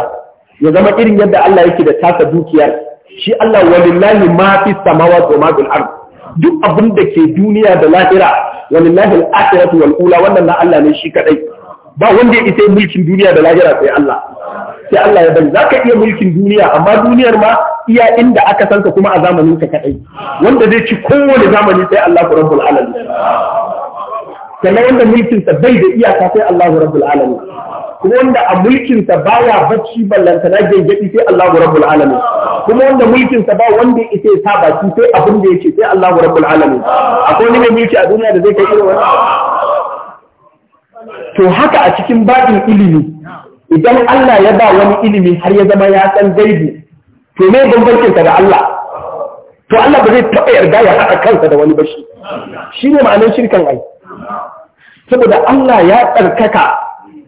S1: ya zama irin yadda Allah yake da tasa dukiya shi Allah walillahi ma fi samawati wa ma ard duk abin da ke duniya da lahira walillahi al akhiratu wal ula wannan na Allah ne shi kadai ba wanda ya isa mulkin duniya da lahira sai Allah sai Allah ya bari zaka iya mulkin duniya amma duniyar ma iya inda aka sanka kuma a zamanin ka kadai wanda zai ci kowane zamani sai Allah rabbul alamin sannan wanda mulkinsa bai da iyaka sai Allahu rabbul alamin kuma wanda a mulkinsa baya bacci ballantana gengedi sai Allahu rabbul alamin kuma wanda mulkinsa ba wanda ya isa ya baki sai abin da yake sai Allahu rabbul alamin akwai wani mai mulki a duniya da zai kai irin wannan to haka a cikin babin ilimi idan Allah ya ba wani ilimi har ya zama ya san gaibi to me bambancinsa da Allah to Allah ba zai taɓa yarda ya haɗa kansa da wani ba shi shi ne ma'anar shirkan ai saboda Allah ya tsarkaka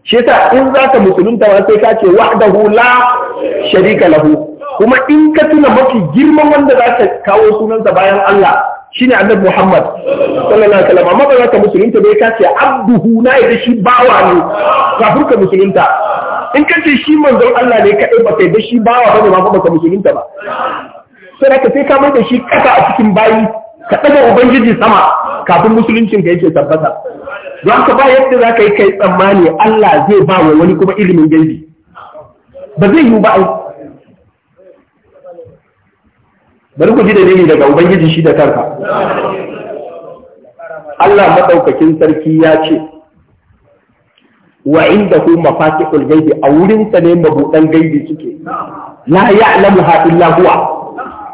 S1: shi yasa in ka musulunta ma sai ka ce wahdahu la sharika lahu kuma in ka tuna mafi girman wanda za ka kawo sunansa bayan Allah shine annabi Muhammad sallallahu alaihi wasallam amma ba za ka musulunta bai ka ce abduhu na yadda shi bawa ne kafin ka musulunta in ka ce shi manzon Allah ne kaɗai ba kai da shi bawa bane ma ba ka musulunta ba sai ka sai ka mai da shi kasa a cikin bayi ka ɗaga ubangiji sama kafin musuluncin ka yake tabbata don ka ba yadda za ka yi kai tsammani Allah zai ba wa wani kuma ilimin gaibi ba zai yi ba bari ku ji da dalili daga ubangiji shi da kanka Allah maɗaukakin sarki ya ce wa ku mafatihul ghaibi a wurinsa ne mabuɗan gaibi suke la ya ha illa huwa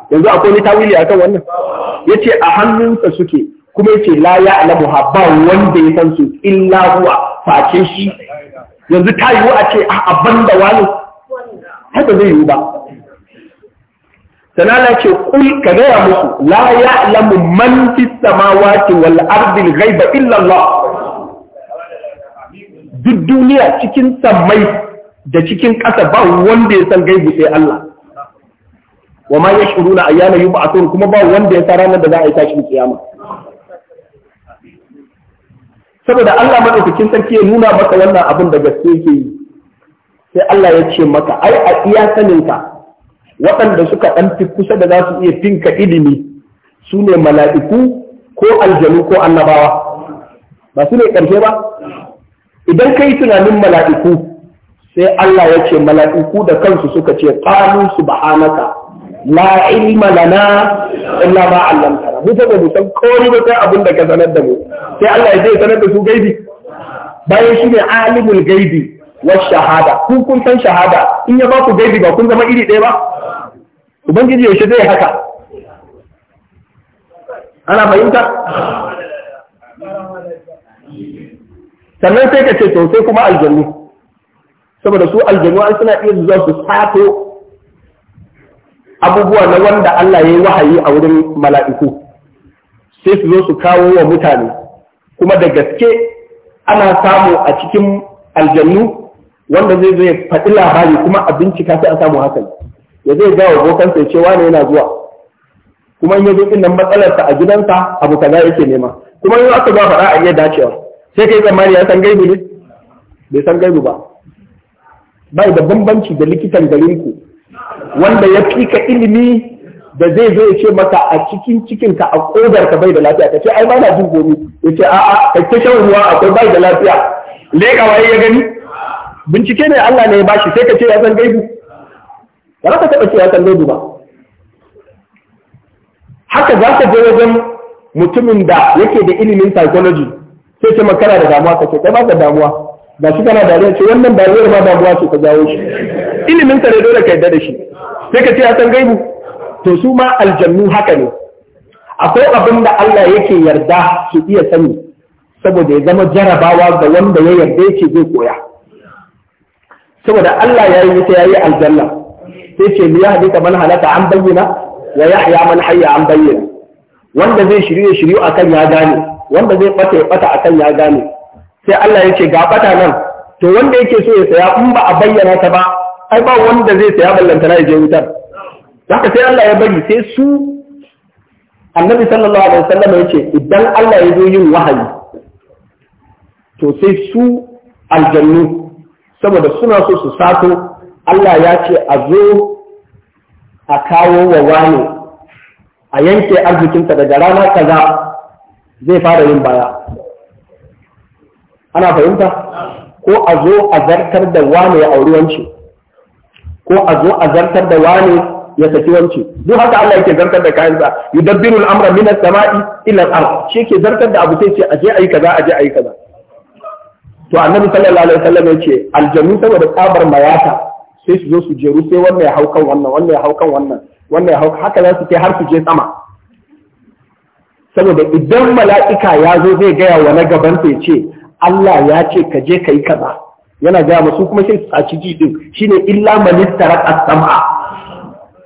S1: yanzu akwai ni tawili akan wannan Ya ce a hannunsa suke kuma yace la alamu ha ba wanda ya san su illa huwa face shi yanzu ta yiwu a ce a abban da wani haka zai yiwu ba sanana ce kul ka gaya musu la alamu man fis samawati wal ardi ghaiba illa Allah duk duniya cikin sammai da cikin ƙasa ba wanda ya san gaibu sai Allah wa ma yashuruna ayyana yub'athun kuma ba wanda ya san ranar da za a yi tashin kiyama saboda Allah madaukakin sarki ya nuna maka wannan abin da gaske yake yi sai Allah ya ce maka ai a iya saninka waɗanda suka ɗan fi kusa da za su iya finka ilimi su ne mala'iku ko aljanu ko annabawa ba su ne ƙarshe ba idan ka yi tunanin mala'iku sai Allah ya ce mala'iku da kansu suka ce su subhanaka la ilma lana illa ma 'allamtana mu fa mu san komai ba sai abin da ka sanar da mu sai Allah ya zai sanar da su gaibi bayan shi ne alimul gaibi wa shahada ku kun san shahada in ya ba ku gaibi ba kun zama iri ɗaya ba ubangiji shi zai haka ana fahimta sannan sai ka ce to sai kuma aljannu saboda su aljannu an suna iya zuwa su sato abubuwa na wanda Allah ya yi wahayi a wurin mala'iku sai su zo su kawo wa mutane kuma da gaske ana samu a cikin aljannu wanda zai zai faɗi labari kuma a bincika sai a samu hakan ya zai ga wa bokansa ya ce wane yana zuwa kuma in ya zo nan matsalarsa a gidansa abu kaza yake nema kuma in aka zuwa faɗa a iya dacewa sai kai tsammani ya san gaibu ne bai san gaibu ba bai da bambanci da likitan garinku
S2: wanda ya fi ka
S1: ilimi da zai zo ya ce maka a cikin cikinka a kogar ka bai da lafiya ka ce ai ba na jin gobe ya ce a'a ka ta shan ruwa akwai bai da lafiya Leka waye ya gani bincike ne Allah ne ya bashi sai ka ce ya san gaibu ba za ka taba ce ya san gaibu ba haka za ka je wajen mutumin da yake da ilimin psychology sai ce makara da damuwa ka ce kai ba ka damuwa Ga shi kana dariya ce wannan dariyar ma damuwa ce ka jawo shi ilimin sa ne dole ka yadda da shi sai ka ce ya san gaibu to su ma aljannu haka ne akwai abin da Allah yake yarda su iya sani saboda ya zama jarabawa ga wanda ya yarda yake zai koya saboda Allah ya yi wuta ya yi aljanna sai ce ya hadita man halaka an bayyana wa yahya man hayya an bayyana wanda zai shirye a akan ya gane wanda zai bata ya bata akan ya gane sai Allah ya ce ga bata nan to wanda yake so ya saya in ba a bayyana ta ba ai ba wanda zai saya ballanta na je wutar haka sai Allah ya bari sai su annabi sallallahu alaihi wasallam ya ce idan Allah ya zo yin wahayi to sai su aljannu saboda suna so su sato Allah ya ce a zo a kawo wa wani a yanke arzikinsa daga rana kaza zai fara yin baya ana fahimta ko a zo a zartar da wani ya auri ko a zo a zartar da wani ya saki wanci duk haka Allah yake zartar da kayan sa yudabbiru al-amra min as-sama'i ila al-ard shi yake zartar da abu sai ce aje ayi kaza aje ayi kaza to annabi sallallahu alaihi wasallam yace aljannu saboda tsabar mayata sai su zo su jeru sai wannan ya haukan wannan wannan ya haukan wannan wannan ya hau haka za su kai har su je sama saboda idan mala'ika ya zo zai gaya wa na gaban sai ce Allah ya ce ka je ka kaza yana gaya masu kuma shi a ciki din shine illa manistarat as-sam'a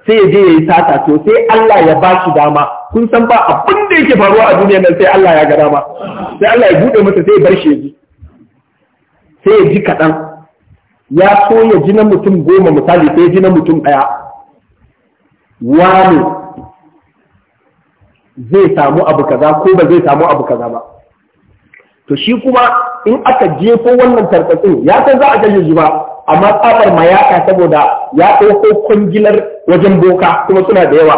S1: sai ya je yayi sata to sai Allah ya ba shi dama kun san ba abin da yake faruwa a duniya nan sai Allah ya ga dama sai Allah ya buɗe masa sai ya bar shi ji sai ya ji kaɗan ya so ya ji na mutum goma misali sai ya ji na mutum ɗaya wani zai samu abu kaza ko ba zai samu abu kaza ba to shi kuma in aka jefo wannan tarkatsin ya san za a kashe shi ba amma tsabar mayaka saboda ya ɗauko kwangilar wajen boka kuma suna da yawa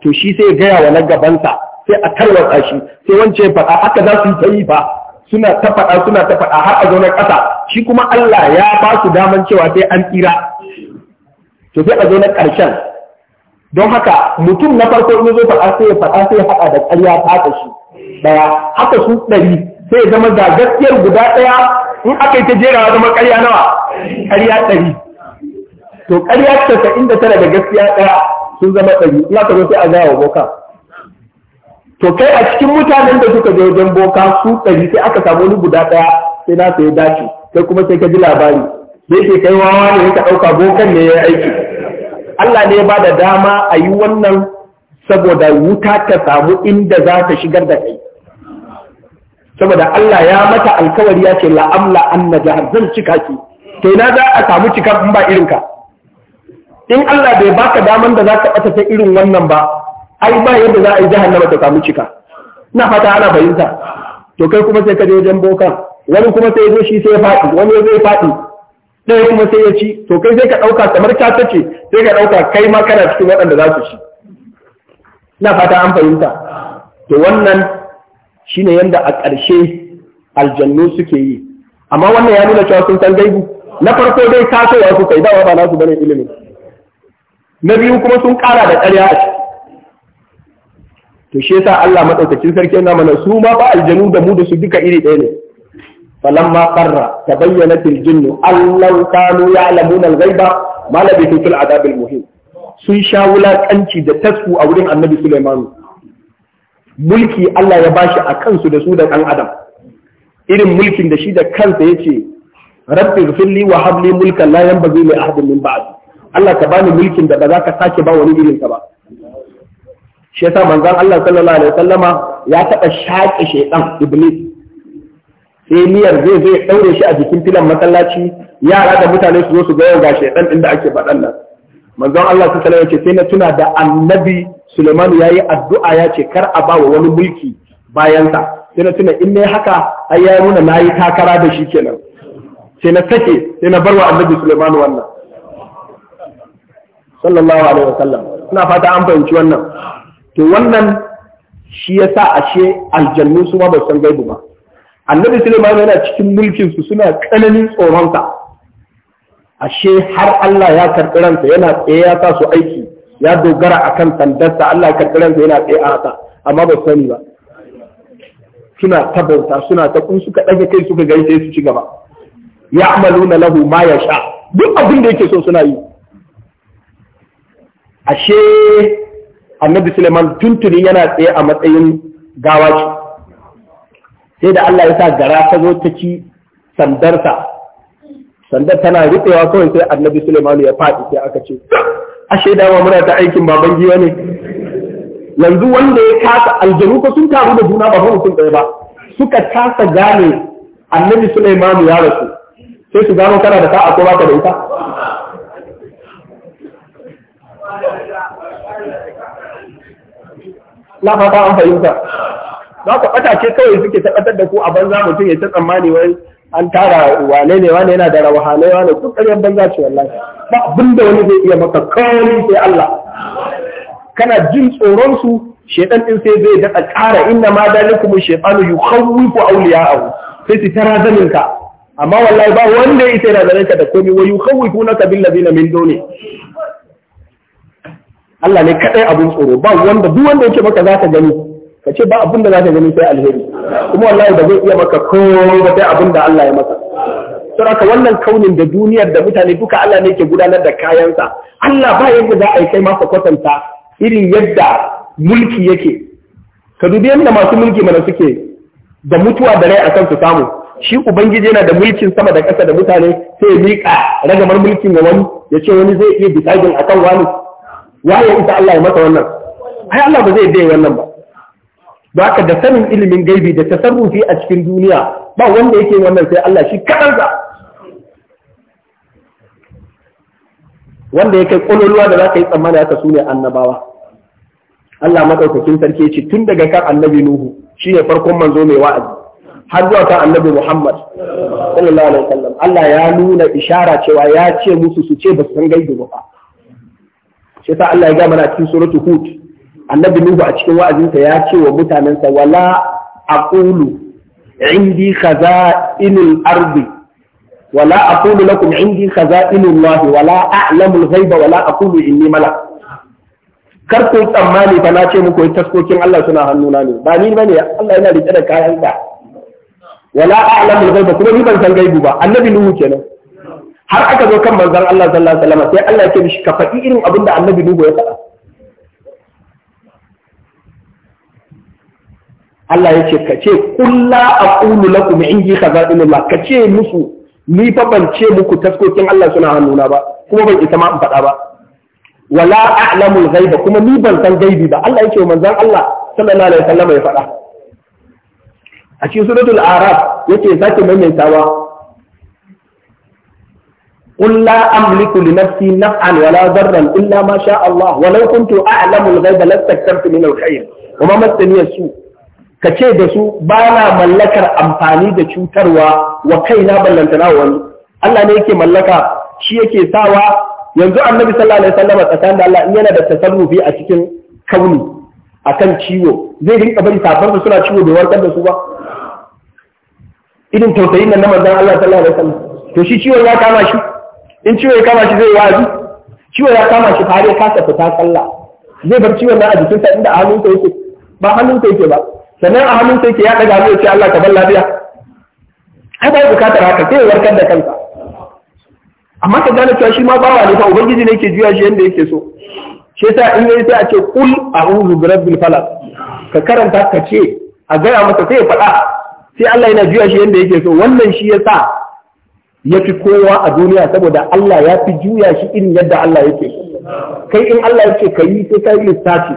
S1: to shi sai gaya wa na gabansa sai a tarwatsa shi sai wance faɗa haka za su yi ta yi suna ta faɗa suna ta faɗa har a zaune ƙasa shi kuma Allah ya ba su daman cewa sai an tsira to sai a zaune ƙarshen don haka mutum na farko in zo faɗa sai ya faɗa sai ya haɗa da ƙarya ta shi Ɗaya haka su ɗari sai zama ga gaskiyar guda ɗaya in aka yi ta jera zama ƙarya nawa ƙarya ɗari to ƙarya casa'in da tara da gaskiya ɗaya sun zama ɗari in aka zo sai a gaya boka to kai a cikin mutanen da suka je wajen boka su ɗari sai aka samu wani guda ɗaya sai na sai dace sai kuma sai ka ji labari da yake kai wawa ne ka ɗauka bokan ne ya aiki Allah ne ba da dama a yi wannan saboda wuta ta samu inda za ta shigar da kai saboda Allah ya mata alkawari ya ce la'amla na jihar zan cika ki to ina za a samu cika in ba irinka in Allah bai baka daman da za ka bata ta irin wannan ba ai ba yadda za a yi jahannama ta samu cika ina fata ana fahimta to kai kuma sai ka je wajen boka wani kuma sai ya zo shi sai faɗi wani zai faɗi ɗaya kuma sai ya ci to kai sai ka ɗauka kamar ta ta ce sai ka ɗauka kai ma kana cikin waɗanda za su ci ina fata an fahimta to wannan shine yanda a ƙarshe aljannu suke yi amma wannan ya nuna cewa sun san gaibu na farko dai tasowa su kai dawa ba nasu bane ilimin na biyu kuma sun ƙara da ƙarya a ciki to shi yasa Allah madaukakin sarki yana mana su ma ba aljanu da mu da su duka iri ɗaya ne falamma qarra tabayyanat aljinnu allau kanu ya'lamuna al-ghaiba ma labithu fil adab muhim sun sha wulakanci da tasku a wurin annabi Sulaiman mulki Allah ya bashi a kansu da su da ɗan adam irin mulkin da shi da kansa ya ce, rabbi Rufinli wa Habli mulkan la yanbaghi mai ahadin min ba'di Allah ka bani mulkin da ba za ka sake ba wani irinsa ba shi yasa manzon Allah sallallahu alaihi wasallama ya taɓa shaƙe shaytan iblis sai niyyar zai zai ɗaure shi a jikin filan masallaci yara da mutane su zo su ga yau ga shaidan inda ake faɗan nan manzon Allah sallallahu alaihi sai na tuna da annabi Suleiman ya yi addu'a ya ce kar a ba wa wani mulki bayansa sai na tuna in ne haka ai ya nuna na yi takara da shi kenan sai na sake sai na bar wa annabi Suleiman wannan sallallahu alaihi wasallam Suna fata an fahimci wannan to wannan shi ya sa ashe aljannu su ma ba san gaibu ba annabi Suleiman yana cikin mulkinsu suna tsananin tsoronsa ashe har Allah ya karɓi ransa yana tsaye ya sa su aiki ya dogara a kan sandarsa Allah ya ransa yana tsaye a haka amma ba sani ba suna ta suna ta kun suka ɗage kai suka gari sai su ci gaba ya na lahu ma ya sha duk abin da yake so suna yi ashe annabi suleiman tuntuni yana tsaye a matsayin gawa ce sai da Allah ya sa gara ta zo ta ci sandarsa sandar tana rufewa kawai sai annabi suleiman ya faɗi sai aka ce ashe dama muna ta aikin baban giwa ne yanzu wanda ya kasa aljanu ko sun taru da juna ba fa mutum ɗaya ba suka kasa gane annabi Sulaiman ya rasu sai su gano kana da sa'a ko ka da ita na fata an fahimta za ka ɓata ce kawai suke tabbatar da ku a banza mutum ya ta tsammani wai an tara wane ne wane yana da rawahanai wane duk ƙaryar banza ce wallahi ba abin da wani zai iya maka kawai sai Allah kana jin tsoron su shedan din sai zai daɗa ƙara inna ma dalikum shaytanu yukhawwifu awliya'ahu sai su tara zanin ka amma wallahi ba wanda ya isa da ka da komai wa yukhawwifunaka bil ladina min duni Allah ne kadai abin tsoro ba wanda duk wanda yake maka zaka gani ka ce ba abin da za ka gani sai alheri kuma wallahi ba zai iya maka komai ba sai abin da Allah ya maka saboda wannan kaunin da duniyar da mutane duka Allah ne ke gudanar da kayansa Allah ba yadda za a yi kai masa kwatanta irin yadda mulki yake ka dubi yadda masu mulki mana suke da mutuwa da rai akan su samu shi ubangiji yana da mulkin sama da ƙasa da mutane sai ya miƙa ragamar mulkin ga wani ya ce wani zai iya bisagin akan wani waye ita Allah ya masa wannan ai Allah ba zai dai wannan ba Ba ka da sanin ilimin gaibi da tasarrufi a cikin duniya ba wanda yake wannan sai Allah shi kaɗansa
S2: wanda ya kai ƙololuwa da za ka yi tsammani
S1: haka su ne annabawa Allah maɗaukakin sarki ce tun daga kan annabi Nuhu shi ne farkon manzo mai wa'azi har zuwa kan annabi Muhammad sallallahu alaihi wasallam Allah ya nuna ishara cewa ya ce musu su ce ba su san gaibi ba shi sa Allah ya ga mana cikin suratu Hud annabi nuhu a cikin wa'azinsa ya ce wa mutanensa wala aqulu indi khaza'inul ardi wala aqulu lakum indi khaza'inullah wala a'lamul ghaiba wala aqulu inni malak kar ku tsammani fa na ce muku taskokin Allah suna hannuna ne ba ni bane Allah yana rike da kayan ka wala a'lamul ghaiba kuma ni ban san gaibu ba annabi nuhu kenan har aka zo kan manzon Allah sallallahu alaihi wasallam sai Allah ya ce mishi ka faɗi irin abin da annabi nuhu ya faɗa Allah ya ce ka ce kulla aqulu lakum indi khaza'inullah ka ce musu ni fa ban ce muku taskokin Allah suna hannuna ba kuma ban isa ma in faɗa ba wala a'lamul ghaiba kuma ni ban san gaibi ba Allah yake manzon Allah sallallahu alaihi wasallam ya faɗa a cikin suratul araf yake sake maimaitawa قل لا أملك لنفسي نفعا ولا ضرا إلا ما شاء الله ولو كنت أعلم الغيب لاستكثرت من الخير وما مسني السوء ka ce da su ba na mallakar amfani da cutarwa wa kaina ballantana wa wani Allah ne yake mallaka shi yake sawa yanzu annabi sallallahu alaihi wasallam tsakanin da Allah in yana da tasarrufi a cikin kauni akan ciwo zai rinka bari safarsa suna ciwo da warkar da su ba irin tausayin nan na manzon Allah sallallahu alaihi wasallam to shi ciwon ya kama shi in ciwo ya kama shi zai wazi ciwo ya kama shi fare kasa fita sallah zai bar ciwon nan a jikinsa inda hannunsa yake ba hannunsa yake ba sannan a hannun sai ke ya daga hannu ya ce Allah ka bar lafiya ai bai bukatar haka sai ya warkar da kansa amma ka gane cewa shi ma bawa ne fa ubangiji ne ke juya shi yanda yake so shi yasa in yayi sai a ce kul a'udhu bi rabbil falaq ka karanta ka ce a gaya masa sai ya faɗa sai Allah yana juya shi yanda yake so wannan shi yasa ya fi kowa a duniya saboda Allah ya fi juya shi irin yadda Allah yake so kai in Allah yake ka yi sai ka yi lissafi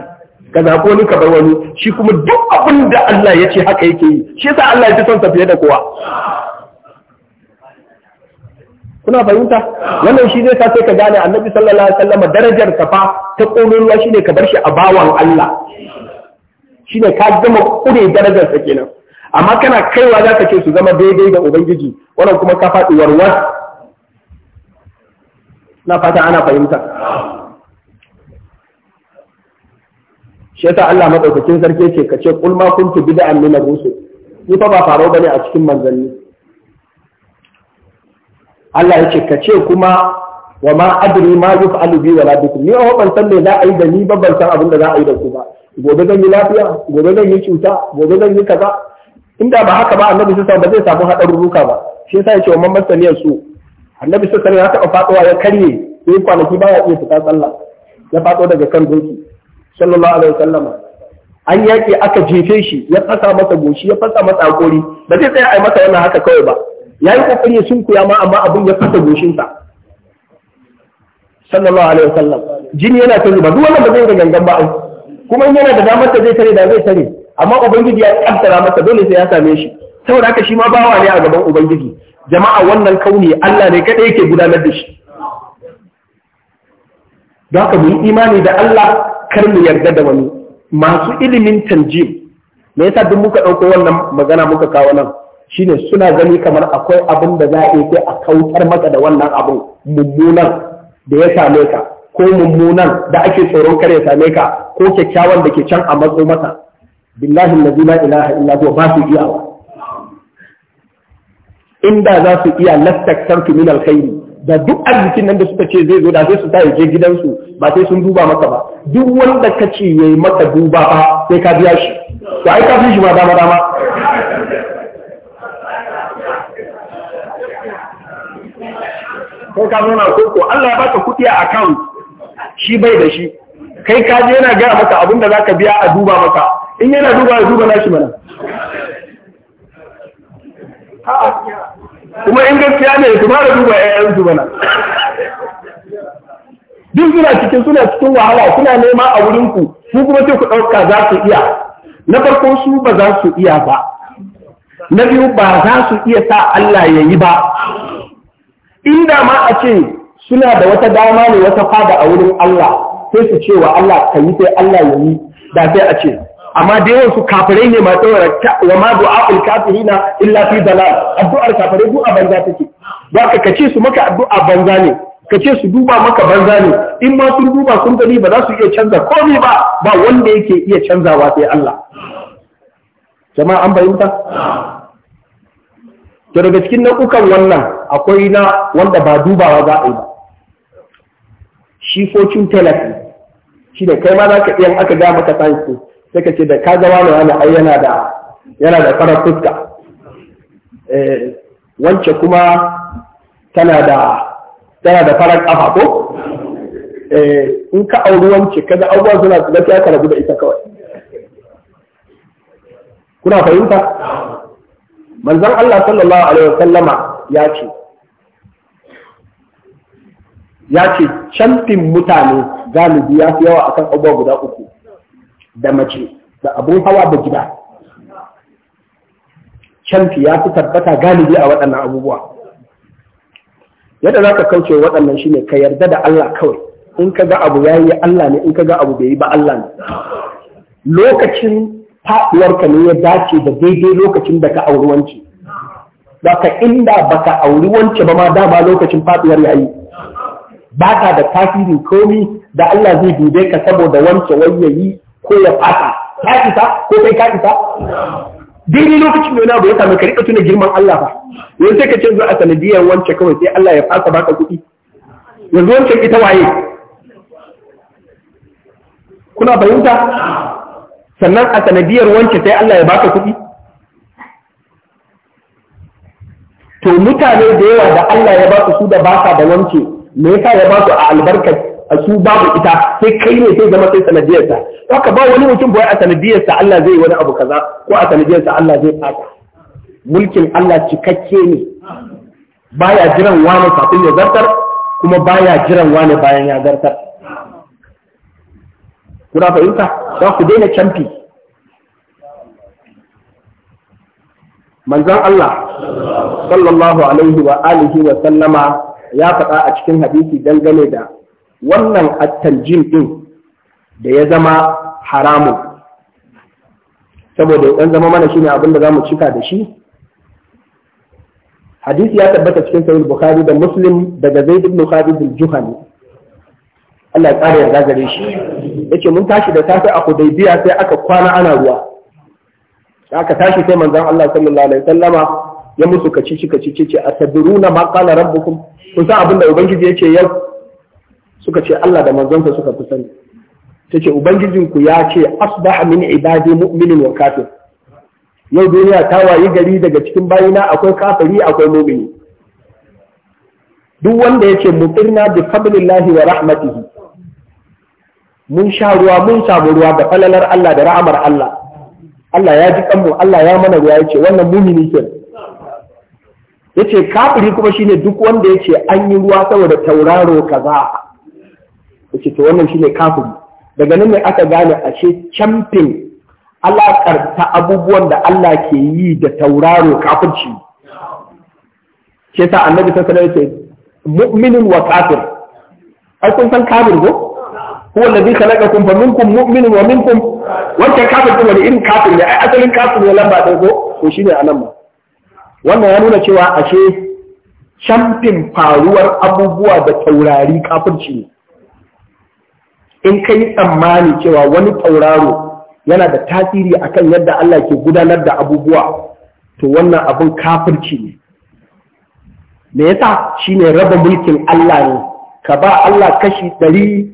S1: ka wani ka bar wani shi kuma duk abin da Allah ya ce haka yake yi shi yasa Allah ya fi son sa fiye da kowa kuna fahimta wannan shi zai sai ka gane annabi sallallahu alaihi wasallam darajar ka fa ta shi shine ka bar shi a bawan Allah shine ka gama kure darajar sa kenan amma kana kaiwa za ka ce su zama daidai da ubangiji wannan kuma ka faɗi warwar na fata ana fahimta shi yasa Allah madaukakin sarki yake kace kul ma kuntu bid'an min ar-rusul ni fa ba faro bane a cikin manzanni Allah yake kace kuma wa ma adri ma yuf'alu bi wala bikum ni ho ban san me za a yi da ni ba ban san abin da za a yi da ku ba gobe zan yi lafiya gobe zan yi cuta gobe zan yi kaza inda ba haka ba annabi sai ba zai samu hadarurruka ba shi yasa yake wa man masaniyar su annabi sai ya taba faduwa ya karye sai kwanaki baya iya fita sallah ya fado daga kan doki sallallahu alaihi wasallama an yake aka jefe shi ya fasa masa goshi ya fasa masa hakori ba zai tsaya a masa wannan haka kawai ba ya yi kokari ya sunkuya ma amma abin ya fasa goshinsa sallallahu alaihi wasallam jini yana ta zuba duk wannan ba zai da gangan ba ai kuma yana da damar da zai tare da zai tare amma ubangiji ya kaddara masa dole sai ya same shi saboda haka shi ma bawa ne a gaban ubangiji jama'a wannan kauni Allah ne kadai yake gudanar da shi don haka mu yi imani da Allah kar mu yarda da wani masu ilimin tanjim me yasa duk muka ɗauko wannan magana muka kawo nan shine suna gani kamar akwai abin da za a yi a kautar maka da wannan abin mummunan da ya same ka ko mummunan da ake tsoron kar ya same ka ko kyakkyawan da ke can a matso masa billahi la ilaha illa huwa ba su iyawa inda za su iya lastaktar min alkhairi da duk arzikin nan da suka ce zai zo da sai su ta je gidansu ba sai sun duba maka ba duk wanda ka ce ya yi maka duba ba sai ka biya shi to ai ka fi shi ma dama dama
S2: Kai ka nuna koko Allah ya baka
S1: kuɗi a account shi bai da shi kai ka je yana gaya maka abin da zaka biya a duba maka in yana duba ya duba nashi mana
S2: a'a kuma in gaskiya ne su fara duba ƴaƴan su bana
S1: duk suna cikin suna cikin wahala suna nema a wurin ku kuma sai ku ɗauka za su iya na farko su ba za su iya ba na biyu ba za su iya sa Allah ya yi ba inda ma a ce suna da wata dama ne wata fada a wurin Allah sai su ce wa Allah ka yi sai Allah ya yi da sai a ce amma da wasu kafirai ne masu wa ma kafiri kafirina illa fi dalal addu'ar kafirai du'a banza take ba ka kace su maka addu'a banza ne kace su duba maka banza ne in ma sun duba sun gani ba za su iya canza komai ba ba wanda yake iya canzawa sai Allah jama'a an bayyana to daga cikin nau'ukan wannan akwai na wanda ba dubawa za a yi ba shi fortune shi da kai ma za ka iya aka ga maka science sai ka ce da ka ga wani wani ai yana da yana da farar fuska eh, wance kuma tana da tana da farar kafa ko eh, in ka auri wance kaga abubuwan suna da ya karabu da ita kawai kuna fahimta manzon Allah sallallahu alaihi wasallama ya ce ya ce canfin mutane galibi ya fi yawa akan abubuwa guda uku da mace da abun hawa da gida canfi ya fi tabbata galibi a waɗannan abubuwa yadda za ka kauce waɗannan shine ka yarda da Allah kawai in ka ga abu yayi Allah ne in ka ga abu bai yi ba Allah ne lokacin faɗuwarka ne ya dace da daidai lokacin da ka auri wance baka inda ka auri wance ba ma dama lokacin faɗuwar yayi ba ka da tasirin komi da Allah zai dube ka saboda wance wai yi. ko ya fata ta isa ko kai ka isa daidai lokacin da wani abu ya samu ka rika tuna girman Allah ba yanzu sai ka ce zuwa a sanadiyar wance kawai sai Allah ya fasa baka kuɗi yanzu wancan ita waye kuna fahimta sannan a sanadiyar wance sai Allah ya baka kuɗi to mutane da yawa da Allah ya ba su su da sa da wance me yasa ya ba su a albarkaci a su babu ita sai kai ne sai zama sai sanadiyarsa haka ba wani mutum bai a sanadiyarsa Allah zai wani abu kaza ko a sanadiyarsa Allah zai fata mulkin Allah cikakke ne baya jiran wani kafin ya zartar kuma baya jiran wani bayan ya zartar kuna fahimta za ku daina camfi manzon Allah sallallahu alaihi wa alihi wa sallama ya faɗa a cikin hadisi dangane da wannan attarjim ɗin da ya zama haramun saboda ɗan zama mana shine abin da za mu cika da shi hadisi ya tabbata cikin sahih bukhari da muslim daga zaid ibn khalid al-juhani Allah ya ƙara yarda gare shi yace mun tashi da safe a Hudaybiya sai aka kwana ana ruwa da aka tashi sai manzon Allah sallallahu alaihi wasallama ya musu kaci ci kaci ci ce atabiruna ma qala rabbukum kun san abin da ubangiji yace yau. suka ce Allah da manzonsa suka fi sani Ta ce ubangijinku ya ce asbaha min ibadi mu'minin wa kafir yau duniya ta wayi gari daga cikin bayina akwai kafiri akwai mu'mini duk wanda ya ce mutirna bi fadlillahi wa rahmatihi mun sha ruwa mun samu ruwa da falalar Allah da ra'amar Allah Allah ya ji kanmu Allah ya mana ruwa ce wannan mu'mini Ya yace kafiri kuma shine duk wanda yace an yi ruwa saboda tauraro kaza yace to wannan shine kafin. daga nan ne aka gane ashe camfin ta abubuwan da Allah ke yi da tauraro kafirci ke ta annabi ta sanar ce mu'minin wa kafir ai kun san kafir ko huwa allazi khalaqakum fa minkum mu'minun wa minkum wanda kafir kuma irin kafir ne ai asalin kafir ne lamba ɗaya ko to shine anan ma wannan ya nuna cewa ashe camfin faruwar abubuwa da taurari kafirci ne in ka yi tsammani cewa wani tauraro yana da tasiri akan yadda Allah ke gudanar da abubuwa to wannan abin kafirci ne me yasa shine raba mulkin Allah ne ka ba Allah kashi ɗari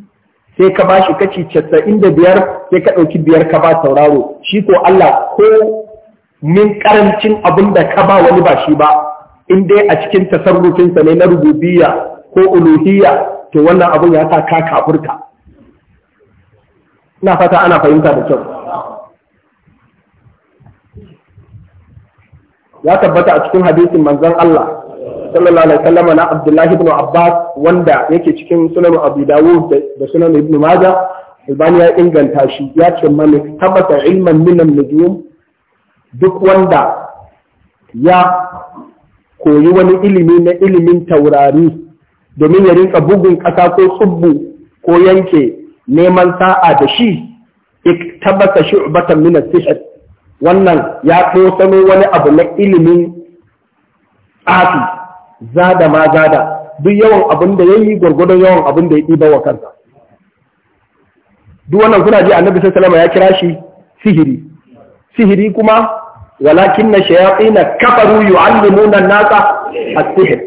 S1: sai ka ba kashi casa'in da biyar sai ka ɗauki biyar ka ba tauraro shi ko Allah ko min ƙarancin abin da ka ba wani ba shi ba in dai a cikin tasarrufinsa ne na rububiyya ko uluhiyya to wannan abin ya sa ka kafurta ina fata ana fahimta da kyau ya tabbata a cikin hadisin manzon Allah sallallahu alaihi wasallam na Abdullahi ibn Abbas wanda yake cikin sunan Abu Dawud da sunan Ibn Majah Albani ya inganta shi ya ce mani tabbata ilman minan nujum duk wanda ya koyi wani ilimi na ilimin taurari domin ya rinka bugun ƙasa ko tsubbu ko yanke neman sa'a da shi iktabasa shu'batan min as-sihr wannan ya tosano wani abu na ilimin tsafi zada ma zada duk yawan abin da yayi gurgurdon yawan abin da ya ɗiba wa kansa duk wannan kuna ji annabi sallallahu ya kira shi sihiri sihiri kuma walakin na shayatina kafaru yu'allimuna an-nasa as-sihr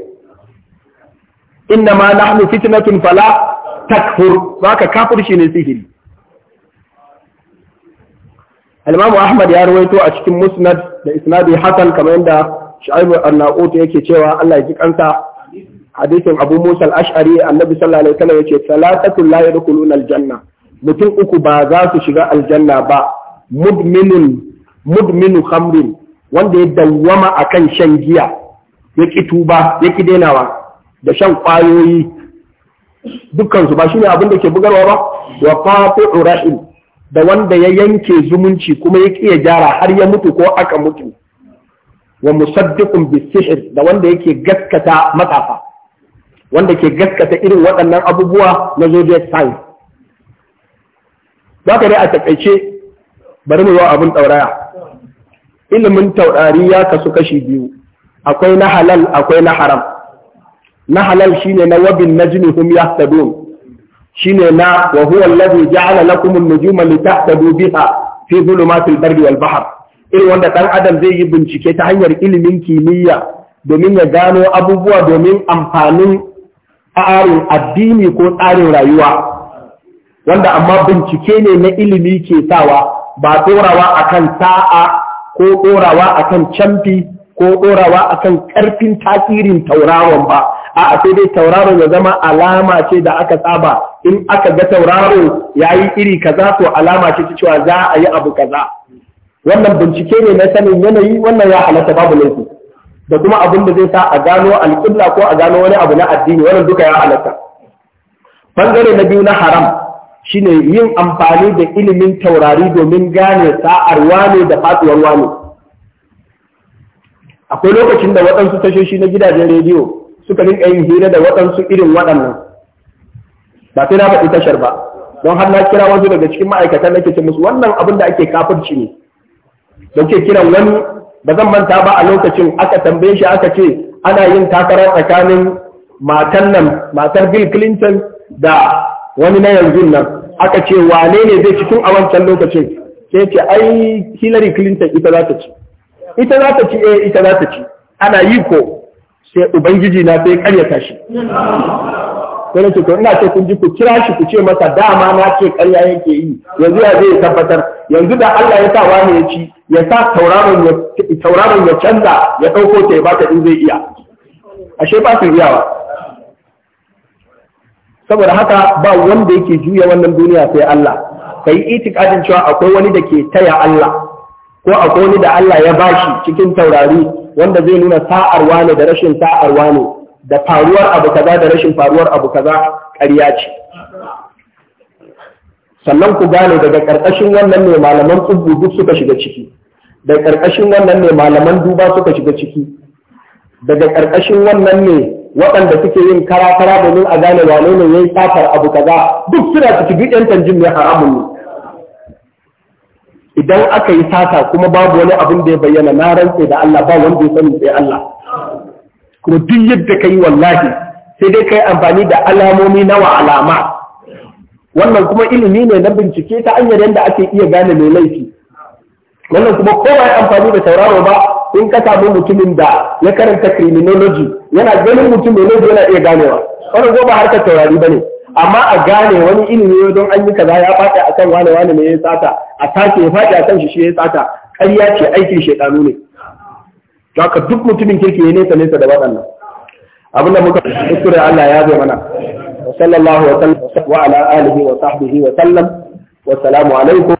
S1: inna ma nahnu fitnatun fala takfur ba ka shi ne sihiri al ahmad ya ruwaito a cikin musnad da isnadi Hassan kamar yadda shu'aibu an-na'ut yake cewa Allah ya ji kansa hadisin abu musa al-ash'ari annabi sallallahu alaihi wasallam yace salatatul la yadkhuluna al-janna mutum uku ba za su shiga aljanna ba mudminun mudminu khamrin wanda ya dawwama akan shan giya ya ki tuba ya ki denawa da shan kwayoyi dukkansu ba ne abin da ke bugarwa ba wa fafi rahim da wanda ya yanke zumunci kuma ya kiya gyara har ya mutu ko aka mutu wa musaddiqun bisihir da wanda yake gaskata matafa wanda ke gaskata irin waɗannan abubuwa na zodiac sign Ba ka dai a takaice bari mu yi abin ɗauraya ilimin taurari ya kasu kashi biyu akwai na halal akwai na haram na halal shine na wabin najmi hum yahtadun shine na wa huwa alladhi ja'ala lakum an-nujuma litahtadu biha fi dhulumatil wal bahr irin wanda ɗan adam zai yi bincike ta hanyar ilimin kimiyya domin ya gano abubuwa domin amfanin tsarin addini ko tsarin rayuwa wanda amma bincike ne na ilimi ke sawa ba ɗorawa kan sa'a ko ɗorawa kan canfi ko ɗorawa akan ƙarfin tasirin tauraron ba A'a sai dai tauraro ya zama alama ce da aka tsaba in aka ga tauraro ya yi iri kaza to alama ce ta cewa za a yi abu kaza wannan bincike ne na sanin yanayi wannan ya halatta babu laifi da kuma abin da zai sa a gano alƙibla ko a gano wani abu na addini wannan duka ya halatta bangare na biyu na haram shine yin amfani da ilimin taurari domin gane sa'ar wane da faɗuwar wane akwai lokacin da waɗansu tashoshi na gidajen rediyo suka rinka yin hira da waɗansu irin waɗannan ba sai na faɗi tashar ba don har na kira wani daga cikin ma'aikatan ke ce musu wannan abin da ake kafirci ne don ke kiran wani ba zan manta ba a lokacin aka tambaye shi aka ce ana yin takarar tsakanin matan nan matar Bill Clinton da wani na yanzu nan aka ce wane ne zai cikin a wancan lokacin sai ce ai Hillary Clinton ita za ta ci ita za ta ci eh ita za ta ci ana yi ko sai ubangiji na sai karyata shi sai ce to ina ce kun ji ku kira shi ku ce masa dama na ce karya yake yi yanzu ya zai tabbatar yanzu da Allah ya sa wani ya ci ya sa tauraron ya canza ya ɗauko ta ya bata in zai iya ashe ba su iyawa saboda haka ba wanda yake juya wannan duniya sai Allah Ka iti itikadin cewa akwai wani da ke taya Allah ko akwai wani da Allah ya bashi cikin taurari wanda zai nuna sa'arwa ne da rashin sa'arwa ne da faruwar abu kaza da rashin faruwar abu kaza ƙarya ce sannan ku gane daga ƙarƙashin wannan ne malaman tsubbu duk suka shiga ciki da ƙarƙashin wannan ne malaman duba suka shiga ciki daga ƙarƙashin wannan ne waɗanda suke yin kara-kara domin a gane wane ne ya safar abu kaza duk suna cikin ci duk yan tanjin ne haramun ne idan aka yi sata kuma babu wani abin da ya bayyana na rantse da Allah ba wanda ya sani sai Allah kuma duk yadda kai wallahi sai dai kai amfani da alamomi nawa alama wannan kuma ilimi ne na bincike ta hanyar yadda ake iya gane mai laifi wannan kuma ko ya amfani da tauraro ba in ka samu mutumin da ya karanta criminology yana ganin mutum mai laifi yana iya ganewa wannan ko ba harkar taurari bane amma a gane wani ilimi ne don an yi kaza ya faɗi akan wane wane ne ya tsata a sake ya faɗi akan shi shi ya tsata ƙarya ce aikin shekaru ne haka duk mutumin kirki ya nesa nesa da waɗannan
S2: abinda muka kuskure Allah ya zai mana
S1: sallallahu wa sallam wa ala alihi wa sahbihi wa sallam wa salamu alaikum